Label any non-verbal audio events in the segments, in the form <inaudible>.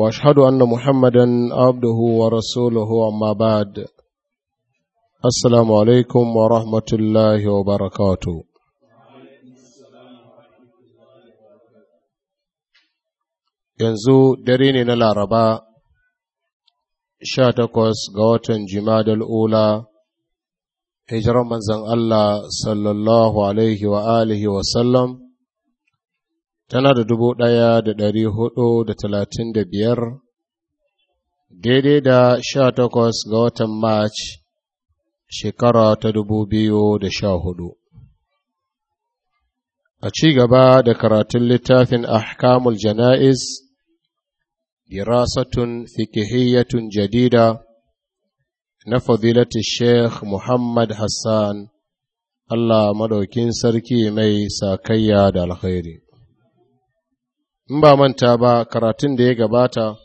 واشهد ان محمدا عبده ورسوله اما بعد السلام عليكم ورحمه الله وبركاته yanzu dare ne na laraba sha takwas ga watan jimadal ula hijirar manzan Allah sallallahu alaihi wa alihi wa sallam tana da dubu ɗaya da ɗari hudu da talatin da biyar daidai da sha takwas ga watan march shekara ta dubu biyu da sha hudu a ci gaba da karatun littafin ahkamul jana'iz dirasatun fikihiyyatun jadida na fadilati sheikh muhammad hassan allah madaukin sarki mai sakayya da alkhairi in ba manta ba karatun da ya gabata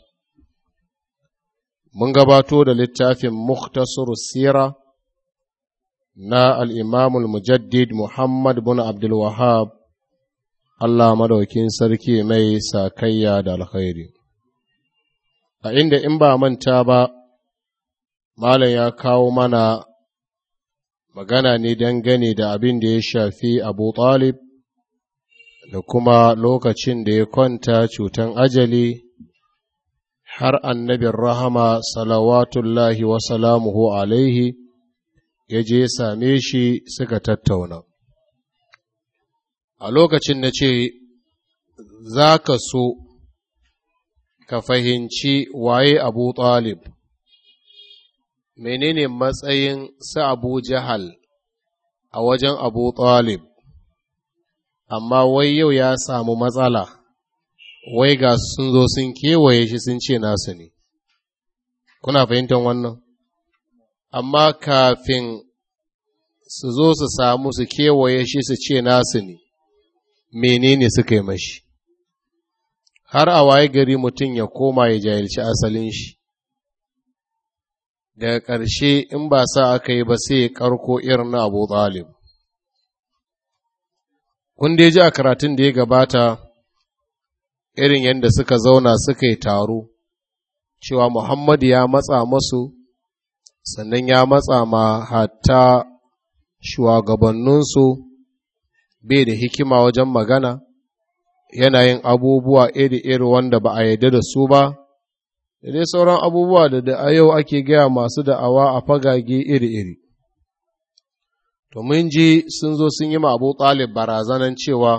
mun gabato da littafin muktasar sira na al'imamul mujaddid muhammad bin abdulwahab allah madaukin sarki mai sakayya da alkhairi a inda in ba manta ba malam ya kawo mana magana ne dangane da abin da ya shafi abu talib da kuma lokacin da ya kwanta cutan ajali har Annabi, rahama salawatullahi wa salamuhu alaihi ya je same shi suka tattauna. A lokacin na ce, Za ka so ka fahimci waye Abu Talib, menene matsayin sa Abu Jahal a wajen Abu Talib, amma wai yau ya samu matsala wai ga sun zo sun kewaye shi sun ce nasu ne kuna fahimtar wannan amma kafin su zo su samu su kewaye shi su ce nasu ne menene suka yi mashi har a waye gari mutum ya koma ya jahilci asalin shi daga ƙarshe in ba sa aka yi ba sai ya ƙarko irin na abu talib kun dai ji a karatun da ya gabata irin yadda suka zauna suka yi taro cewa muhammadu ya matsa masu sannan ya matsa ma hatta shugabanninsu bai da hikima wajen magana Yana yin abubuwa iri-iri wanda ba a yarda da su ba da dai sauran abubuwa da da yau ake gaya masu da'awa a fagage iri-iri to mun ji sun zo sun yi ma abu talib barazanan cewa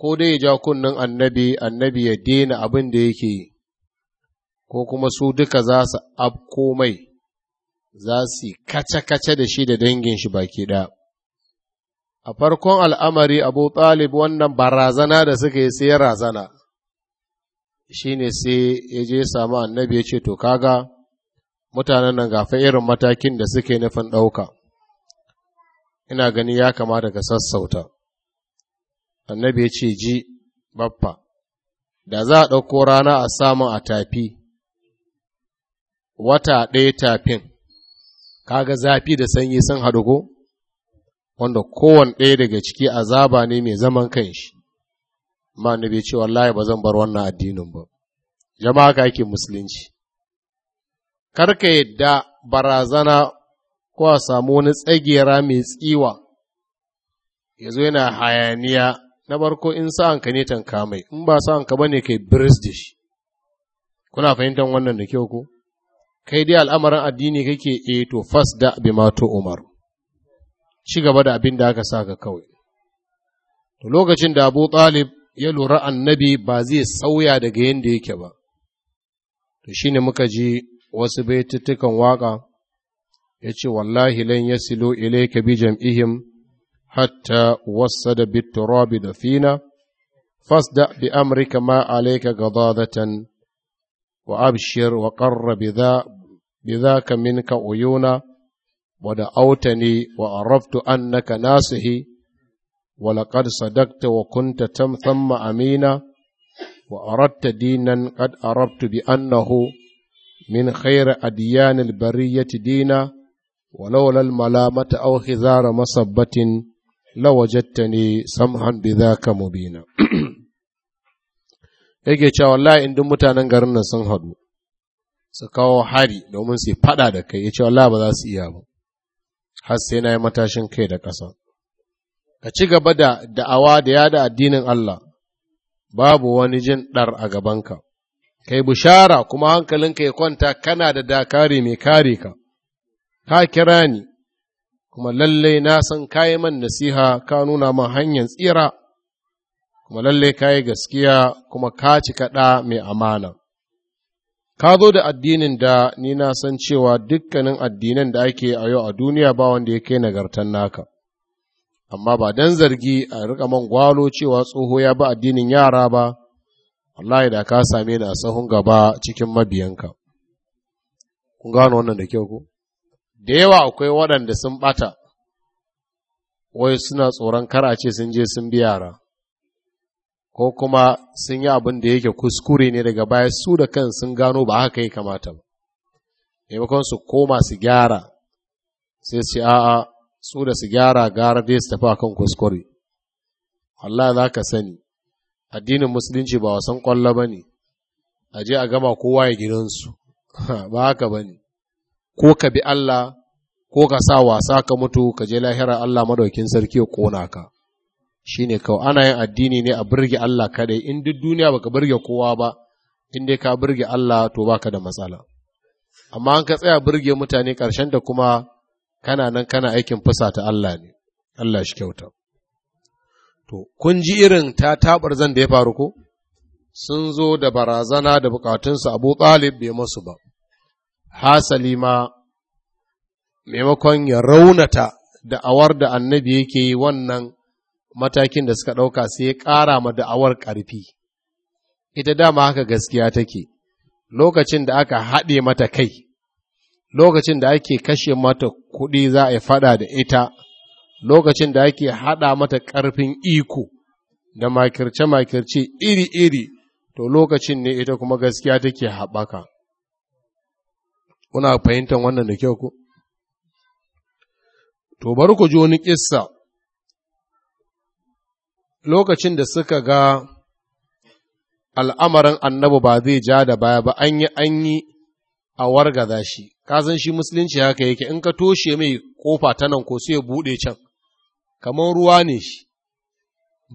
ko dai ya ja kunnen annabi annabi ya daina abin da yake yi ko kuma su duka za su afko mai za su yi kace-kace da shi da dangin shi baki ɗaya. A farkon al'amari Abu Talib wannan barazana da suka yi sai razana, shi ne sai ya je samu annabi ya ce, To, kaga mutanen nan gafa irin matakin da suke nufin ɗauka, ina gani ya kamata ka sassauta annabi ya ce ji baffa da za a ɗauko rana a samun a tafi wata ɗaya tafin kaga zafi da sanyi sun haɗu ko wanda kowane ɗaya daga ciki azaba ne mai zaman kanshi ma annabi ce wallahi ba zan bar wannan addinin ba jama'a ka yake musulunci karka yadda barazana ko a samu wani tsagera mai tsiwa ya zo yana hayaniya na barko in sa'anka ne tanka mai in ba sa'anka ba ne kai biris shi kuna fahimtar wannan da kyau ko kai dai al'amarin addini kake e to fas da Mato umar ci gaba da abin da aka saka kawai to lokacin da abu talib ya lura annabi ba zai sauya daga yadda yake ba to shine muka ji wasu baitutukan waka ya ce wallahi lan ya silo ilaika bi jam'ihim hatta wasada bi turabi da fina fasda bi amrika ma alaika gadadatan wa abshir wa qarra bi dha bi dhaka minka uyuna wa da'awtani wa araftu annaka nasihi wa laqad sadaqta wa kunta tam thamma amina wa aradta dinan qad arabtu bi annahu min khayri adyanil bariyati dina. ولولا الملامة أو خزار مصبة لوجدتني سمحا بذاك مبينا yake cewa wallahi in duk mutanen garin nan sun hadu su kawo hari domin su faɗa da kai ya wallahi ba za su iya ba har sai na yi matashin kai da ƙasa ka ci gaba da da'awa da yada addinin Allah babu wani jin ɗar a gabanka kai bushara, kuma hankalinka ya kwanta kana da dakari mai kare ka ka kira ni, kuma lalle na san kayi man nasiha ka nuna man hanyar tsira, kuma lalle yi gaskiya kuma ka ci kaɗa mai amana. Ka zo da addinin da ni na san cewa dukkanin addinan da ake a yau a duniya ba wanda ya kai nagartan naka. Amma ba don zargi a riƙa man gwalo cewa tsoho ya bi addinin yara ba, wallahi da ka same ni a sahun gaba cikin mabiyanka. Kun gano wannan da kyau ko? da yawa akwai waɗanda sun ɓata, wai suna tsoron kar ce sun je sun bi yara, ko kuma sun yi abin da yake kuskure ne daga baya su da kan sun gano ba haka ya kamata ba, maimakon su koma su gyara, sai su a'a su da su gyara gara dai su tafi akan kuskure. Allah za ka sani, addinin musulunci ba wasan ƙwallo ba ne, a je a gama kowa ya gidansu, <laughs> ba haka ba ne. ko ka bi Allah ko ka sa wasa ka mutu ka je lahira Allah madaukin sarki ya kona ka Shi ne kawai ana yin addini ne a birge Allah kadai in duk duniya baka birge kowa ba in dai ka birge Allah to baka da matsala amma an ka tsaya birge mutane karshen da kuma kana nan kana aikin ta Allah ne Allah shi kyauta to kun ji irin ta tabar zan da ya faru ko sun zo da barazana da bukatunsu Abu Talib bai masu ba hasali ma maimakon ya raunata da'awar da annabi yake yi wannan matakin da suka ɗauka sai ya ƙara ma da'awar ƙarfi ita dama haka gaskiya take lokacin da aka haɗe mata kai lokacin da ake kashe mata kuɗi za a yi faɗa da ita lokacin da ake haɗa mata ƙarfin iko da makirce-makirce iri-iri to lokacin ne ita kuma gaskiya take haɓaka Kuna fahimtar wannan da kyau ko? To, bari ku ji wani kissa lokacin da suka ga al'amarin annabi ba zai ja da baya ba an yi an yi a wargaza shi, kazan shi musulunci haka yake in ka toshe mai kofa ta nan ko sai buɗe can, kamar ruwa ne shi,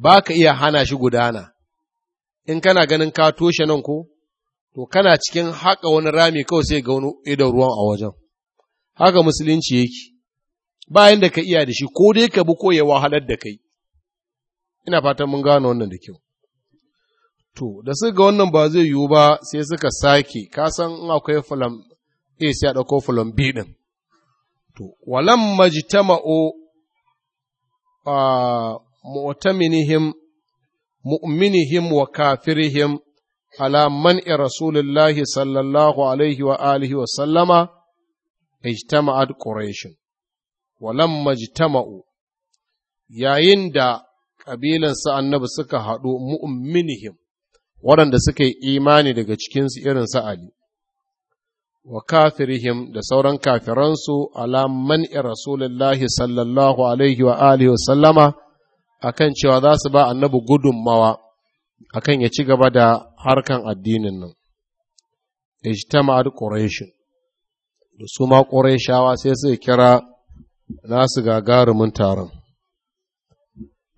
ba ka iya hana shi gudana, in kana ganin ka toshe nan ko, to kana cikin haka wani rami kawai sai ga wani idan ruwan a wajen haka musulunci yake bayan da ka iya da shi ko dai ka bi ko ya wahalar da kai ina fatan mun gano wannan da kyau to da su ga wannan ba zai yiwu ba sai suka sake ka san in akwai fulam a sai a ɗauko fulam b ɗin to walam majtama'u a ah, mu'taminihim mu'minihim wa kafirihim ala man'i rasulillahi sallallahu alaihi wa wa sallama yayin da kabilan sa annabi suka haɗu mu'minihim waɗanda suka yi imani daga cikinsu irin sa ali wa kafirihim da sauran kafiransu ala man'i rasulillahi sallallahu alaihi wa wa sallama akan cewa za su ba annabi gudunmawa akan ya ci gaba da harkan addinin nan ijtama'ar quraish da su ma qurayshawa sai su kira nasu gagarumin taron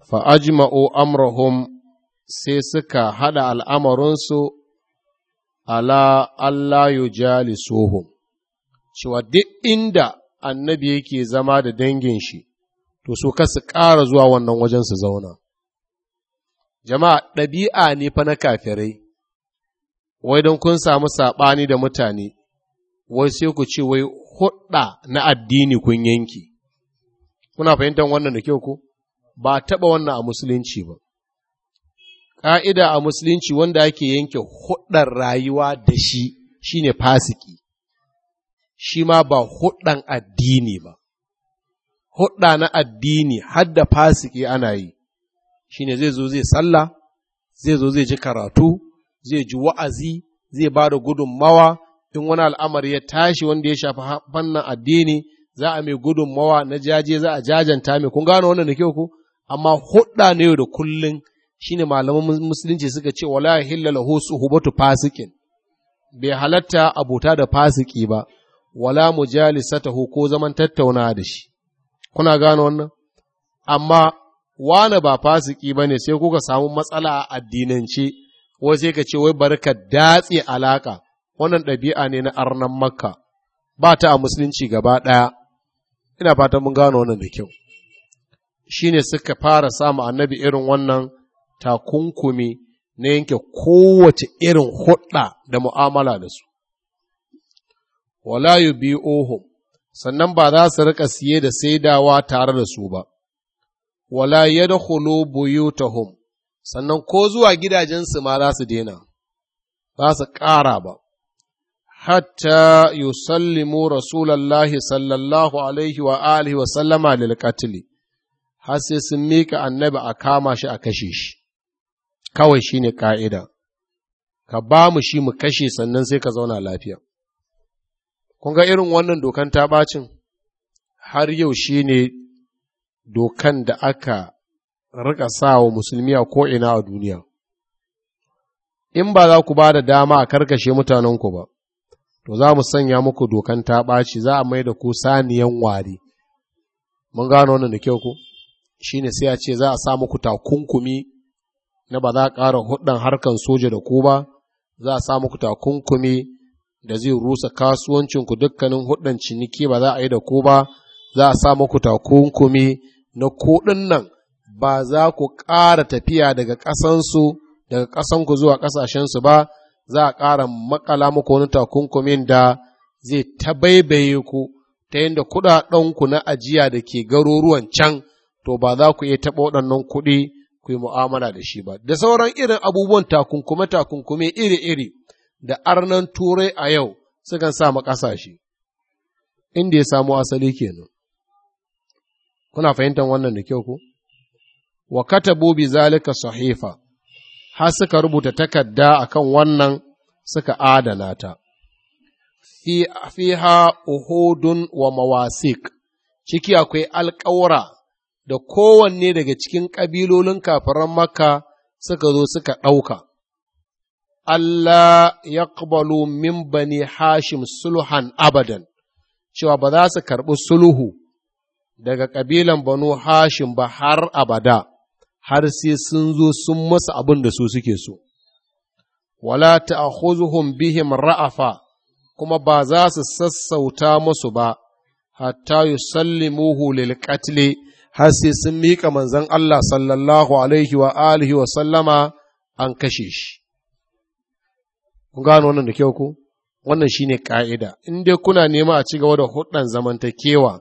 fa ajma'u amrahum sai suka haɗa al'amarinsu ala Allah yujalisuhum cewa duk inda annabi yake zama da dangin shi to su kasu ƙara zuwa wannan wajen su zauna jama'a ɗabi'a ne fa na kafirai wai don kun samu saɓani da mutane wai sai ku ce wai hudda na addini kun yanki kuna fahimtar wannan da kyau ko ba taɓa wannan a musulunci ba ƙa'ida a musulunci wanda ake yanke hudar rayuwa da shi shi ne fasiki shi ma ba hudan addini ba hudda na addini hadda fasiki ana yi shine zai zo zai sallah zai zo zai ji karatu zai ji wa'azi zai ba da gudunmawa in wani al'amari ya tashi wanda ya shafi fannin addini za a mai gudunmawa na jaje za a jajanta mai kun gano wannan da kyau ku amma hudda na yau da kullun shine malaman musulunci suka ce wala hilla lahu suhubatu fasikin bai halatta buta da fasiki ba wala mujalisatahu ko zaman tattauna da shi kuna gano wannan amma wane ba fasiki ba ne sai kuka samu matsala a addinance wai sai ka ce wai barka datse alaka wannan ɗabi'a ne na arnan makka ba ta a musulunci gaba ɗaya ina fatan mun gano wannan da kyau shi ne suka fara samu annabi irin wannan takunkumi na yanke kowace irin hudda da mu'amala da su wala yubi'uhum sannan ba za su rika siye da saidawa tare da su ba wala yadkhulu buyutahum sannan ko zuwa gidajensu ma za su daina ba su ƙara ba hatta yusallimu rasulallahi sallallahu alaihi wa alihi wa sallama lil har sai sun mika annabi a kama shi a kashe shi kawai shine ka'ida ka ba mu shi mu kashe sannan sai ka zauna lafiya kun ga irin wannan dokan ta bacin har yau shine dokan da aka rika sa wa musulmi a ko'ina a duniya. In ba za ku ba da dama a karkashe mutanenku ba, to za mu sanya muku dokan ta ɓaci za a mai da ku saniyan wari. Mun gano wannan da kyau ku? Shi ne sai a ce za a sa muku takunkumi na ba za a ƙara hudun harkan soja da ku ba, za a sa muku takunkumi da zai rusa kasuwancinku dukkanin hudun ciniki ba za a yi da ku ba, za a sa muku takunkumi na kuɗin nan ba za ku ƙara tafiya daga ƙasansu daga ƙasanku zuwa ƙasashensu ba za a ƙara makala muku wani takunkumin da zai tabaibaye ku ta yadda kuɗaɗenku na ajiya da ke garuruwan can to ba za ku iya taɓa waɗannan kuɗi ku yi mu'amala da shi ba da sauran irin abubuwan takunkume takunkume iri-iri da arnan turai a yau sukan sa ƙasashe inda ya samo asali kenan Kuna fahimtar wannan da kyau ko? Wa katabu bi zalika sahifa, har suka rubuta takarda akan wannan suka adana ta. Fiha uhudun wa mawasik, ciki akwai alƙawura da kowanne daga cikin ƙabilolin kafiran Makka suka zo suka ɗauka. Allah ya min bani Hashim sulhan abadan, cewa ba za su karɓi sulhu daga ƙabilan banu hashin ba har abada, har sai sun zo sun masa abin da su suke so. Wala ta'khuzuhum bihim ra'afa, kuma ba za su sassauta masu ba, hatta yusallimuhu lil qatli har sai sun miƙa manzan Allah sallallahu alaihi wa alihi wa sallama an kashe shi. Kun gano wannan da kyau ku? Wannan shine ƙa'ida, in dai kuna nema a ci gaba da hudan zamantakewa,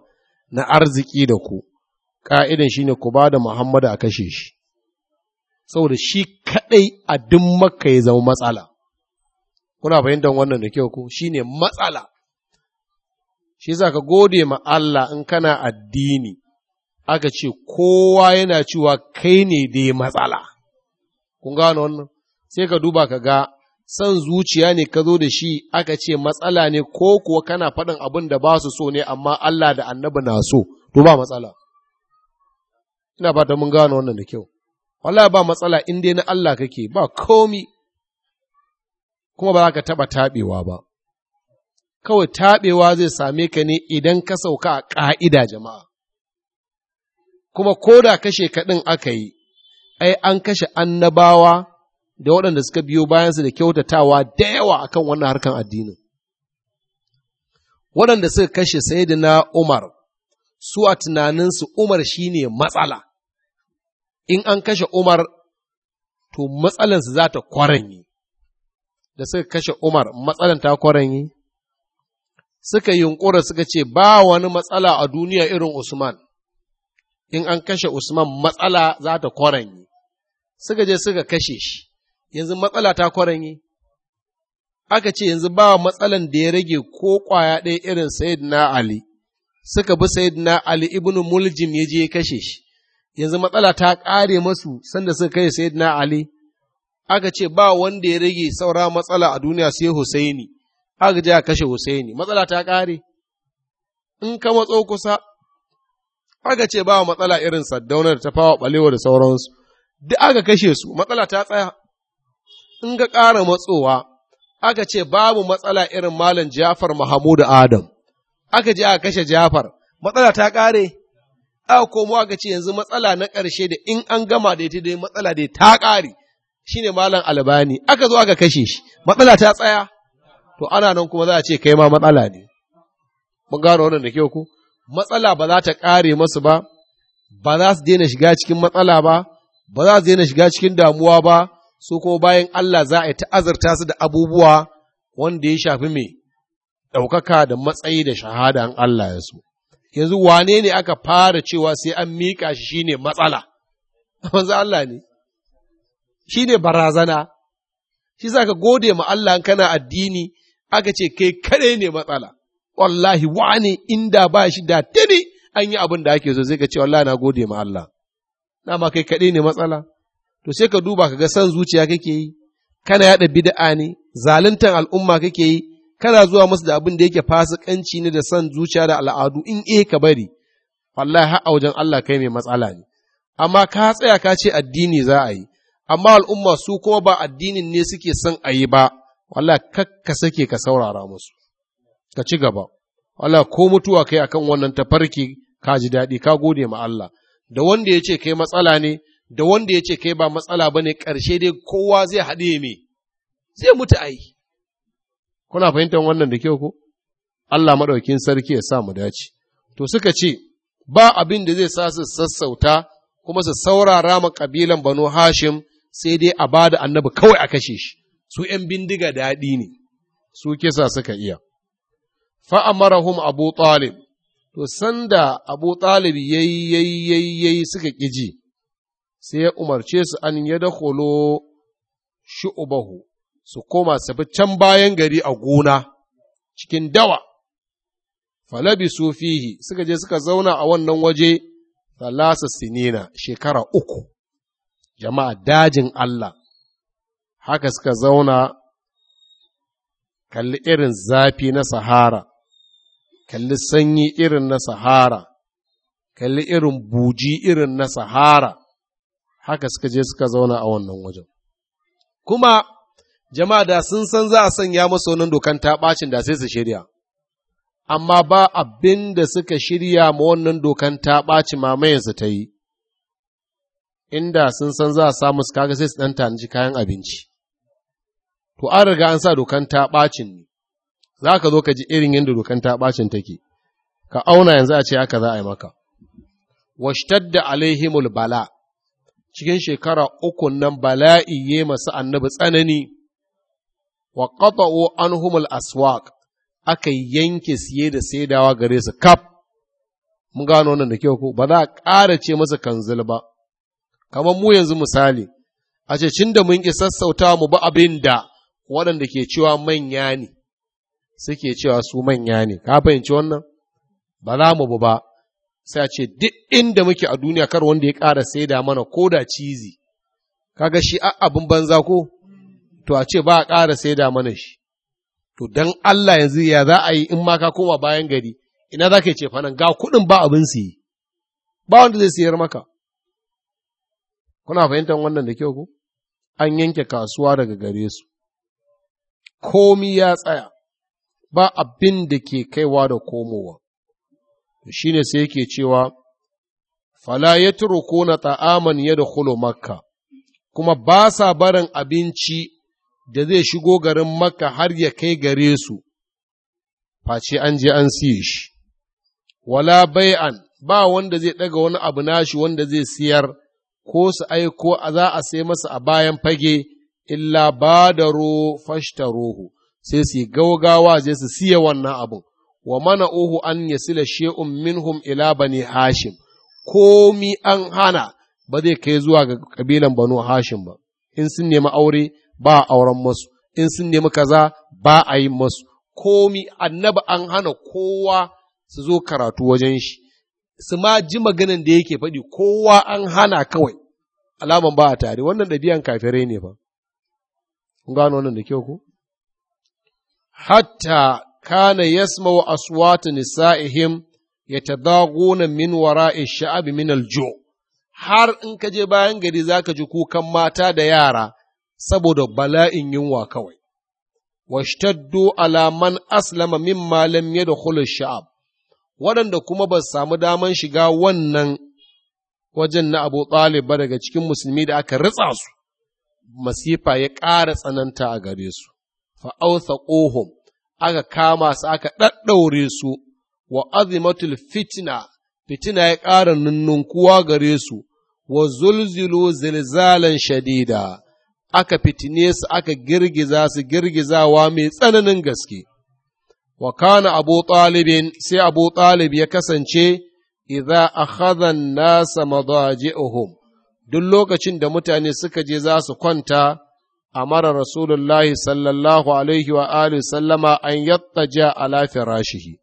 na arziki da ku ƙa'idan shi ne ku ba da Muhammadu a kashe shi saboda shi kaɗai a duk maka ya zama matsala kuna fahimtar wannan da kyau ku shi ne matsala shi za ka gode ma Allah in kana addini aka ce kowa yana cewa kai ne dai matsala kun gano wannan sai ka duba ka ga son zuciya ne ka zo da shi aka ce matsala ne ko kuwa kana faɗin abin da ba su so ne amma Allah da annabi na so to ba matsala ina fata mun gano wannan da kyau wallahi ba matsala in dai na Allah kake ba komi kuma ba za ka taɓa taɓewa ba kawai taɓewa zai same ka ne idan ka sauka a ƙa'ida jama'a kuma ko da kashe kaɗin aka yi ai an kashe annabawa da waɗanda suka biyo bayansu da kyautatawa da yawa akan wannan harkan addinin. Waɗanda suka kashe saidina Umar, su a tunaninsu Umar shi ne matsala, in an kashe Umar, to matsalansu za ta kwaranyi, da suka kashe Umar matsalan ta kwaranyi, suka yi yunƙura suka ce ba wani matsala a duniya irin Usman, in an kashe Usman matsala za ta kwaranyi, suka je suka kashe shi. yanzu matsala ta kwaranye. Aka ce yanzu ba matsalan da ya rage ko ƙwaya ɗaya irin Sayyidina Ali, suka bi Sayyidina Ali ibn Muljim ya je ya kashe shi, yanzu matsala ta ƙare masu sanda suka kashe Sayyidina Ali, aka ce ba wanda ya rage saura matsala a duniya sai Husaini, aka je a kashe Husaini, matsala ta ƙare. In ka matso kusa, aka ce ba matsala irin saddaunar ta fawa ɓalewa da sauransu, duk aka kashe su, matsala ta tsaya. in ga ƙara matsowa, aka ce babu matsala irin Malam Jafar Mahamudu Adam, aka je aka kashe Jafar, matsala ta ƙare, aka komo aka ce yanzu matsala na ƙarshe da in an gama da ita dai matsala dai ta ƙare, shi ne Malam Albani, aka zo aka kashe shi, matsala ta tsaya, to ana nan kuma za a ce kai ma matsala ne. Mun gano wannan da kyau ku, matsala ba za ta ƙare masu ba, ba za su daina shiga cikin matsala ba, ba za su daina shiga cikin damuwa ba, su ko bayan Allah za a yi ta'azarta su da abubuwa wanda ya shafi mai ɗaukaka da matsayi da shahada an Allah ya so. Yanzu wane ne aka fara cewa sai an miƙa shi ne matsala, wanzu <laughs> Allah ne, shi ne barazana, shi za ka gode ma Allah kana addini aka ce kai kaɗai ne matsala, wallahi wane inda ba shi da tuni an yi abin da ake so sai ka ce wallahi na gode ma Allah, na kai kaɗai ne matsala. to sai ka duba ka ga san zuciya kake yi kana yaɗa bid'a ne zaluntan al'umma kake yi kana zuwa musu da abin da yake fasikanci ne da san zuciya da al'adu in e ka bari wallahi har a wajen Allah kai mai matsala ne amma ka tsaya ka ce addini za a yi amma al'umma su kuma ba addinin ne suke son a yi ba wallahi kakka sake ka saurara musu ka ci gaba wallahi ko mutuwa kai akan wannan tafarki ka ji daɗi ka gode ma Allah da wanda ya ce kai matsala ne da wanda ya ce kai ba matsala ba ne ƙarshe dai kowa zai haɗe me, zai mutu a yi. Kuna fahimtar wannan da kyau ko? Allah maɗaukin sarki ya sa mu dace. To suka ce, ba abin da zai sa su sassauta kuma su saurara ma ƙabilan Banu Hashim sai dai a ba da annabi kawai a kashe shi, su ’yan bindiga daɗi ne, su kisa suka iya. Fa'amarahum Abu Talib, to sanda Abu Talib yayi yayi yayi suka ƙi sai ya umarce su an ya holo shu'ubahu su koma su bi can bayan gari a gona cikin dawa falabi fihi suka je suka zauna a wannan waje talasa sinina shekara uku jama'a dajin Allah haka suka zauna kalli irin zafi na sahara kalli sanyi irin na sahara kalli irin buji irin na sahara haka suka je suka zauna a wannan wajen kuma jama'a da sun san za a sanya masa wannan dokan ta ɓacin da sai su shirya amma ba abin da suka shirya ma wannan dokan ta ɓaci su ta yi, inda sun san za a samu su kaga sai su ɗan tanji kayan abinci. To, an riga an sa dokan ta ɓacin ne, za ka zo ka ji irin yadda dokan ta ɓacin take, ka auna yanzu a ce haka za a yi maka. Washtar da alaihimul bala, cikin shekara uku nan bala'i ya masu annabi tsanani, wa ƙata'o an humul aswak aka yanke siye da saidawa gare su kaf, mun gano wannan da kyau ko ba za a ƙara ce masa kanzil ba, kamar mu yanzu misali, a ce da mun ƙi sassauta mu ba abin da waɗanda ke cewa manya ne, suke cewa su manya ne, ka fahimci wannan? Ba za mu bu ba, sai a ce duk inda muke a duniya kar wanda ya ƙara saida mana ko da cizi kaga shi a abin banza ko to a ce ba a ƙara saida mana shi to don Allah yanzu ya za a yi in ma ka koma bayan gari ina za ka ce fanan ga kuɗin ba abin su yi ba wanda zai siyar maka kuna fahimtar wannan da kyau ko an yanke kasuwa daga gare su komi ya tsaya ba abin da ke kaiwa da komowa shi ne sai yake cewa fala ya ko na ta'aman ya da makka kuma ba sa barin abinci da zai shigo garin makka har ya kai gare su face an je an siye shi wala bai'an ba wanda zai ɗaga wani abu nashi wanda zai siyar ko su aiko a za a sai masa a bayan fage illa ba da fashtaruhu sai su yi gaugawa zai su siya wannan abin wa mana ohu an yasila she'un minhum ila bani hashim komi an hana ba zai kai zuwa ga kabilan banu hashim ba in sun nemi aure ba a auren masu in sun nemi kaza ba a yi masu komi annaba an hana kowa su zo karatu wajen shi su ma ji maganin da yake faɗi kowa an hana kawai alaman ba a tare wannan ɗabi'an kafirai ne ba kun gano wannan da kyau ko hatta kana يسمع aswatu nisa'ihim يتضاغون min وراء sha'abi min aljo har in ka je bayan gari za ka ji kukan mata da yara saboda bala'in yunwa kawai washtaddu alaman man aslama mimma lam yadkhul sha'ab waɗanda kuma ba su samu daman shiga wannan wajen na Abu Talib ba daga cikin musulmi da aka ritsa su masifa ya ƙara tsananta a gare su fa authaqohum aka kama su aka ɗaɗɗaure su wa azimatul fitina fitina ya ƙara nunnunkuwa gare su wa zulzulu zilzalan shadida aka fitine su aka girgiza su girgizawa mai tsananin gaske wa kana abu talibin sai abu talib ya kasance idza akhadha an-nasa madaji'uhum duk lokacin da mutane suka je za su kwanta amara rasulullahi sallallahu alaihi wa alihi sallama an yattaja ala firashihi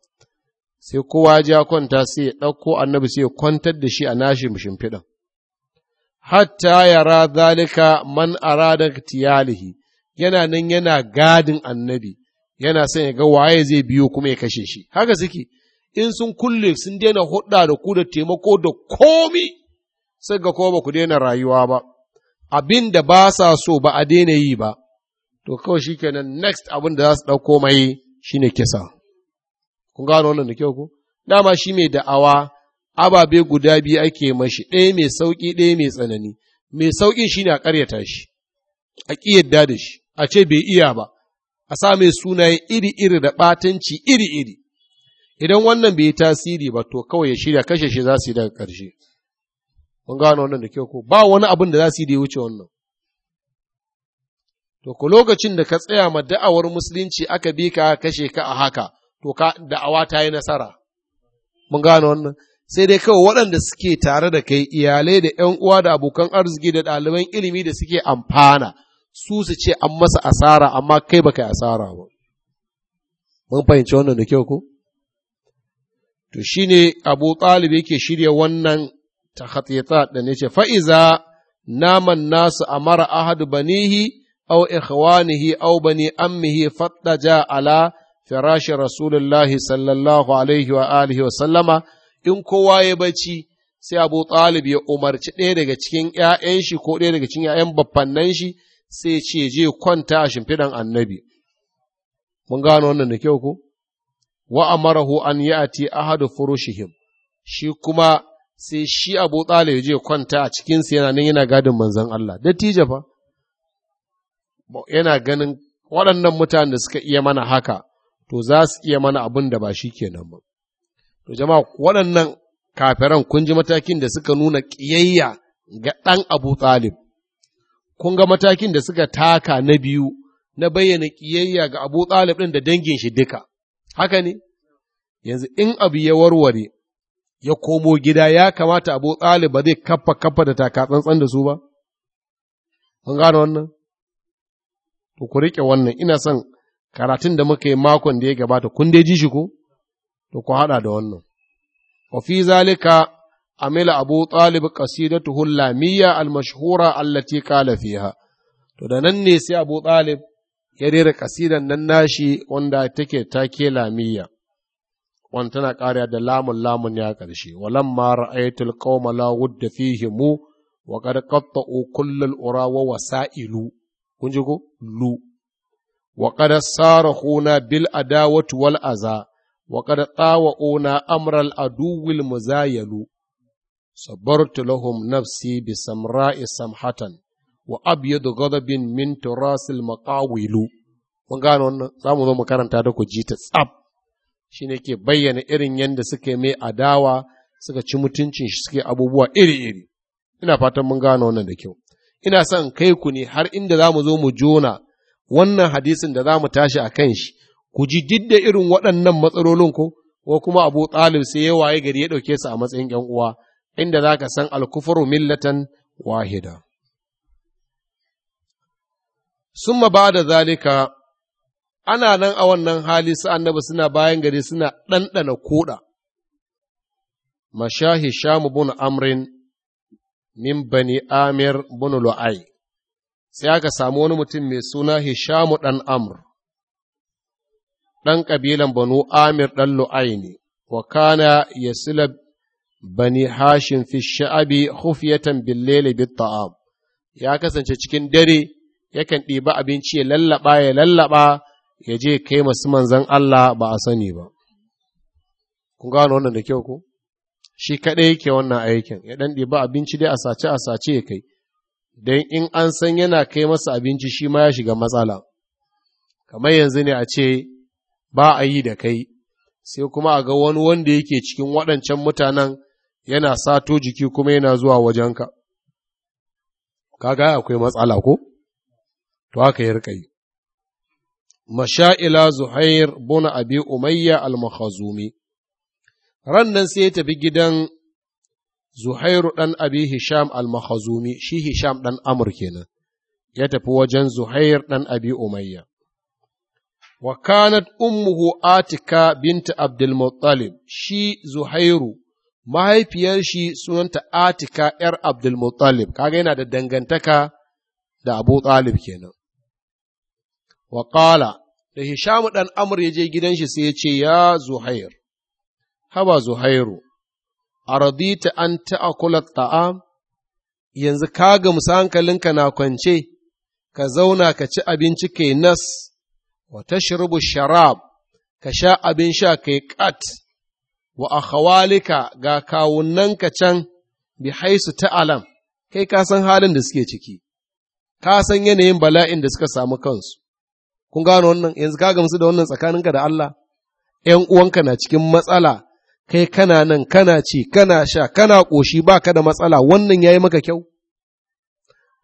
sai kowa ja kwanta sai ya ɗauko annabi sai ya kwantar da shi a nashi shimfiɗin hatta yara zalika man yana nan yana gadin annabi yana son ya ga waye zai biyo kuma ya kashe shi haka suke in sun kulle sun daina hudda da ku da taimako da komi sai ga kuma ba ku daina rayuwa ba abin da ba sa so ba a daina yi ba, to kawai shi kenan next abin da za su ɗauko mai shi ne kisa. Kun gano wannan da kyau ku? Dama shi mai da'awa ababe guda biyu ake mashi ɗaya mai sauƙi ɗaya mai tsanani. Mai sauƙin shi ne a ƙaryata shi, a ƙi yadda da shi, a ce bai iya ba, a sa mai sunaye iri-iri da ɓatanci iri-iri. Idan wannan bai yi tasiri ba, to kawai ya shirya kashe shi za su yi daga ƙarshe. Kun gano wannan da kyau ko ba wani abin da za su yi da ya wuce wannan. To, ku lokacin da ka tsaya ma da'awar musulunci aka bi ka kashe ka a haka, to ka da'awa ta yi nasara. Mun gano wannan. Sai dai kawai waɗanda suke tare da kai iyalai da ‘yan uwa da abokan arziki da ɗaliban ilimi da suke amfana, su su ce an masa asara amma kai baka yi asara ba. Mun fahimci wannan da kyau ko? To shi ne Abu Talib yake shirya wannan ta khatita da ne ce fa'iza naman nasu a mara ahadu banihi aw ikhwanihi aw bani ammihi ja ala firashi rasulullahi sallallahu alaihi wa alihi wa sallama in kowa ya bacci sai abu talib ya umarci ɗaya daga cikin ‘ya'yan shi ko ɗaya daga cikin ‘ya'yan baffannan shi sai ce je kwanta a shimfidan annabi. Mun gano wannan da kyau ku? Wa an yi ati ahadu furushihim, shi kuma sai shi abu tsala ya je kwanta a cikinsu yana nan yana gadin manzan Allah dattijo fa yana ganin waɗannan mutanen da suka iya mana haka to za su iya mana abin da ba shi kenan ba to jama'a waɗannan kafiran kun ji matakin da suka nuna ƙiyayya ga ɗan abu tsalib, kun ga matakin da suka taka na biyu na bayyana ƙiyayya ga abu tsalib ɗin da dangin shi duka haka ne yanzu in abu ya warware ya komo gida ya kamata abu tsali ba zai kafa kafa da takatsantsan da su ba? An gano wannan? To, ku riƙe wannan, ina son karatun da muka yi makon da ya gabata, kun dai ji shi ko? To, ku haɗa da wannan. Wa fi zalika amila abu tuhun lamiyya almashura almashhura allati kala fiha. To, da nan ne sai abu tsali ya rera ƙasidan nan nashi wanda take take lamiyya. wani tana ƙariya da lamun lamun ya ƙarshe walan ma ra'aitul qauma la wudda mu wa qad qatta'u kullal ura wa wasailu kun ji ko lu wa qad sarahuna bil adawati wal aza wa qad tawa'una amral aduwil muzayalu nafsi bi samra'i samhatan wa abyad ghadabin min turasil maqawilu mun gano wannan za zo mu karanta da ku ji ta tsab shi ne ke bayyana irin yadda suka mai adawa suka ci mutuncin shi suke abubuwa iri-iri ina fatan mun gane wannan da kyau ina son kai ku ne har inda za mu zo mu jona wannan hadisin da za mu tashi a kan shi ku ji duk irin waɗannan matsalolin ko ko kuma abu ɗalib sai ya waye gari ya ɗauke su a matsayin ƴan uwa inda za ka san alkufaru millatan wahida summa ba da zalika ana nan a wannan hali su annabi suna bayan gari suna ɗanɗana koɗa. Mashahi Shamu bin Amrin min bani Amir bin Lu'ai, sai aka samu wani mutum mai suna Hishamu ɗan Amr, ɗan ƙabilan banu Amir ɗan Lu'ai ne, wa kana ya sila bani Hashim fi sha'abi hufiyatan billele bi ta'am, ya kasance cikin dare yakan ɗiba abinci ya lallaɓa ya lallaɓa ya je kai masu manzan Allah ba a sani ba. Kun gano wannan da kyau ko? Shi kaɗai yake wannan aikin, ya ɗanɗe ba abinci dai a sace a sace ya kai, don in an san yana kai masa abinci shi ma ya shiga matsala. Kamar yanzu ne a ce ba a yi da kai, sai kuma a ga wani wanda yake cikin waɗancan mutanen yana sato jiki kuma yana zuwa wajenka. Kaga akwai matsala ko? To haka ya yi. masha'ila Zuhair buna abi umayya al-makhazumi. Ran nan sai ya tafi gidan Zuhairu ɗan abi Hisham al-makhazumi, shi Hisham ɗan Amur kenan, ya tafi wajen Zuhair ɗan abi umayya. Wa kanat ummuhu Atika binta Abdul shi Zuhairu, mahaifiyar shi sunanta Atika ‘yar Abdul kaga yana da dangantaka da Abu Talib kenan. wa ƙala, da Hishamu ɗan Amur ya je gidan shi sai ya ce, Ya Zuhair, haba Zuhairu, a radita an ta'akula ta'am, yanzu ka gamsa hankalinka na kwance, ka zauna ka ci abinci kai nas, wa shirubu sharab, ka sha abin sha kai ƙat, wa hawalika ga kawunanka can bi haisu ta'alam, kai ka san halin da suke ciki, ka san yanayin bala'in da suka samu kansu. kun gano wannan yanzu ka gamsu da wannan tsakaninka da Allah ‘yan uwanka na cikin matsala kai kana nan kana ci kana sha kana ƙoshi ba ka da matsala wannan ya maka kyau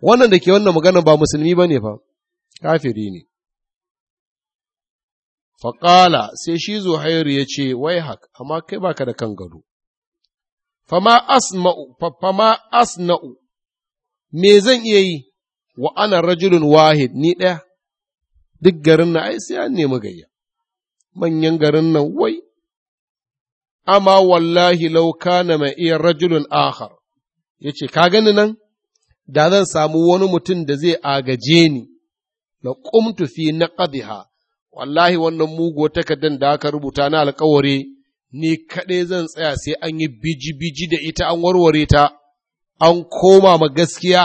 wannan da ke wannan magana ba musulmi ba ne fa kafiri ne faƙala sai shi zuhairu ya ce wai hak amma kai ba da kan gado fama asma'u fama asna'u me zan iya yi wa ana rajulun wahid ni ɗaya duk garin na ai sai an nemi gayya manyan garin nan wai amma wallahi law kana mai iya rajulun akhar yace Ka gani nan, da zan samu wani mutum da zai agaje ni, na qumtu fi na wallahi wannan muguwar takardar da aka rubuta na alƙawari ni kaɗai zan tsaya sai an yi biji-biji da ita an warware ta, an koma ma gaskiya,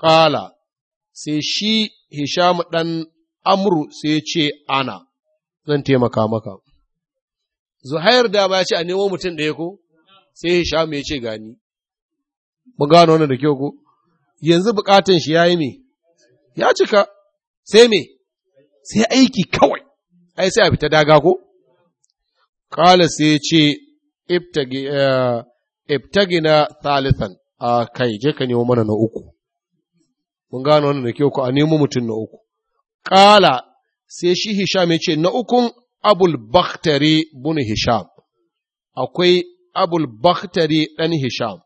ƙala, sai shi Hisham ɗan Amru sai ya ce ana, zan taimaka maka. Zuhair da ba ya ce a nemo mutum ɗaya ko, sai Hisham ya ce gani. Mun gano wannan da kyau ko? Yanzu bukatan shi ya yi me? Ya cika, sai me? Sai aiki kawai, ai sai a fita daga ko? Kala sai ya ce, eh, Ibtagina thalithan, a kai je ka nemo mana na uku. mun gano wannan da ke ku a nemo mutum na uku ƙala sai shi hisham ya ce na ukun abul bakhtari bunu hisham akwai abul bakhtari ɗan hisham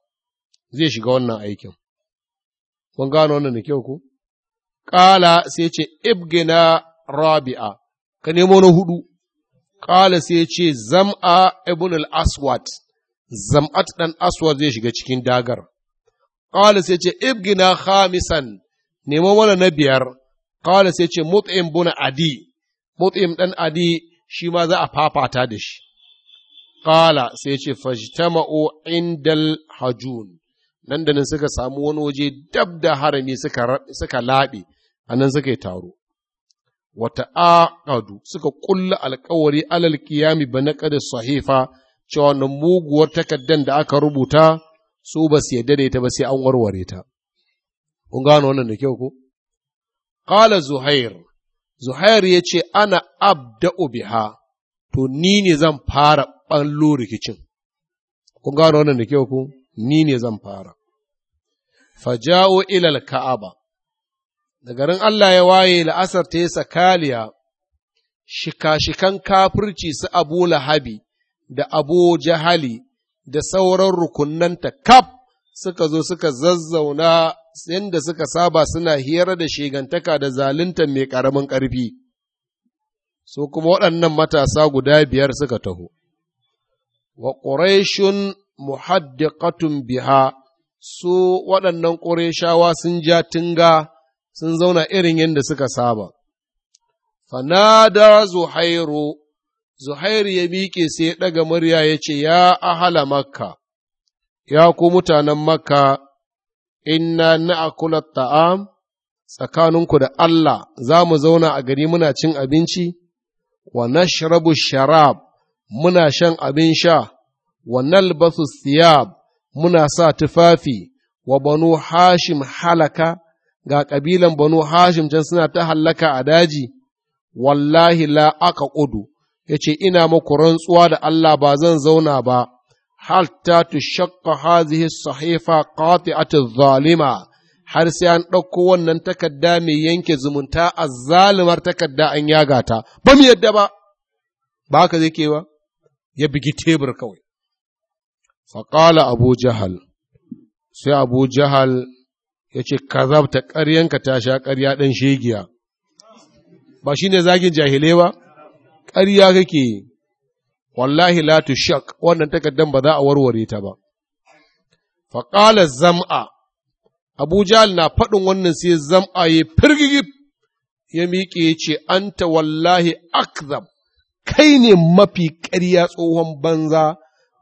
zai shiga wannan aikin Mun gano wannan da ke ku ƙala sai ce ibgina rabi'a ka nemo na hudu ƙala sai ce zam'a ibn al-aswat zam'at ɗan aswat zai shiga cikin dagar ƙala sai ce ibgina Hamisan. nemo wani na biyar kawai sai ce mut'im buna adi mut'im dan adi shi ma za a fafata da shi kala sai ce fajtama'u indal hajun nan da nan suka samu wani waje dab da harami suka suka a anan suka yi taro wata aqadu suka kulla alkawari alal qiyami banaqad sahifa cewa na muguwar takaddan da aka rubuta su ba su yadda da ita ba sai an warware ta Kun gano wannan da kyau ko? Ƙala Zuhair, Zuhair yace Ana abda'u biha, to ni ne zan fara ɓallo rikicin. Kun gano wannan da kyau ko? Ni ne zan fara. Faja'o ilal Ka'aba, da garin Allah ya waye la'asar ta yi sakaliya, shika-shikan kafirci su abu lahabi da abu jahali da sauran rukunanta kaf suka zo suka zazzauna yadda suka saba suna hira da shegantaka da zalunta mai ƙaramin ƙarfi, su kuma waɗannan matasa guda biyar suka taho. Wa muhaddi muhaddiqatun biha, su waɗannan ƙuraishawa sun ja tunga, sun zauna irin yadda suka saba. Fanada Zuhairu, Zuhairu ya miƙe sai ɗaga murya ya ce, Ya ahala Makka, ya ku mutanen Makka, inna na'kula ta'am tsakaninku da Allah za mu zauna a gari muna cin abinci wa nashrabu sharab muna shan abin sha wa nalbasu siyab muna sa tufafi wa banu hashim halaka ga ƙabilan banu hashim can suna ta hallaka a daji wallahi la aka ƙudu ya ce ina muku rantsuwa da Allah ba zan zauna ba hatta tushaqqa hadhihi sahifa qati'atu zalima har sai an ɗauko wannan takarda mai yanke zumunta a zalimar takarda an yaga ta ba mu yadda ba ba ka zai kewa ya bigi tebur kawai faƙala abu jahal sai abu jahal ya ce kazabta ƙaryanka ta sha ƙarya ɗan shegiya ba shine zagin jahilai ba ƙarya kake wallahi la tushak wannan takardar ba za a warware ta ba faƙala zam'a abu Jahl na faɗin wannan sai zam'a ya firgigi ya miƙe ya ce anta wallahi akzab kai ne mafi ƙarya tsohon banza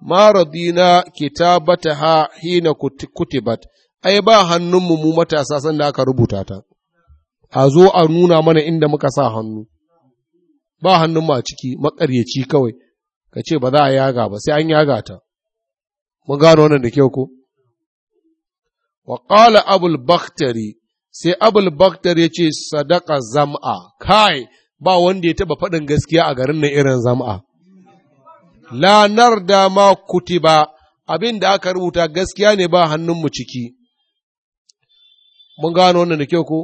ma radina kitabata ha hina kutibat ai ba hannunmu mu matasa sanda aka rubuta ta a zo a nuna mana inda muka sa hannu ba hannun ma ciki makaryaci kawai ka ce ba za a yaga ba sai an yaga ta mun gano wannan da kyau ko wa qala abul baktari sai abul baktari ya ce sadaka zam'a kai ba wanda ya taba faɗin gaskiya a garin nan irin zam'a lanar da ma kutiba abin da aka rubuta gaskiya ne ba hannun mu ciki mun gano wannan da kyau ko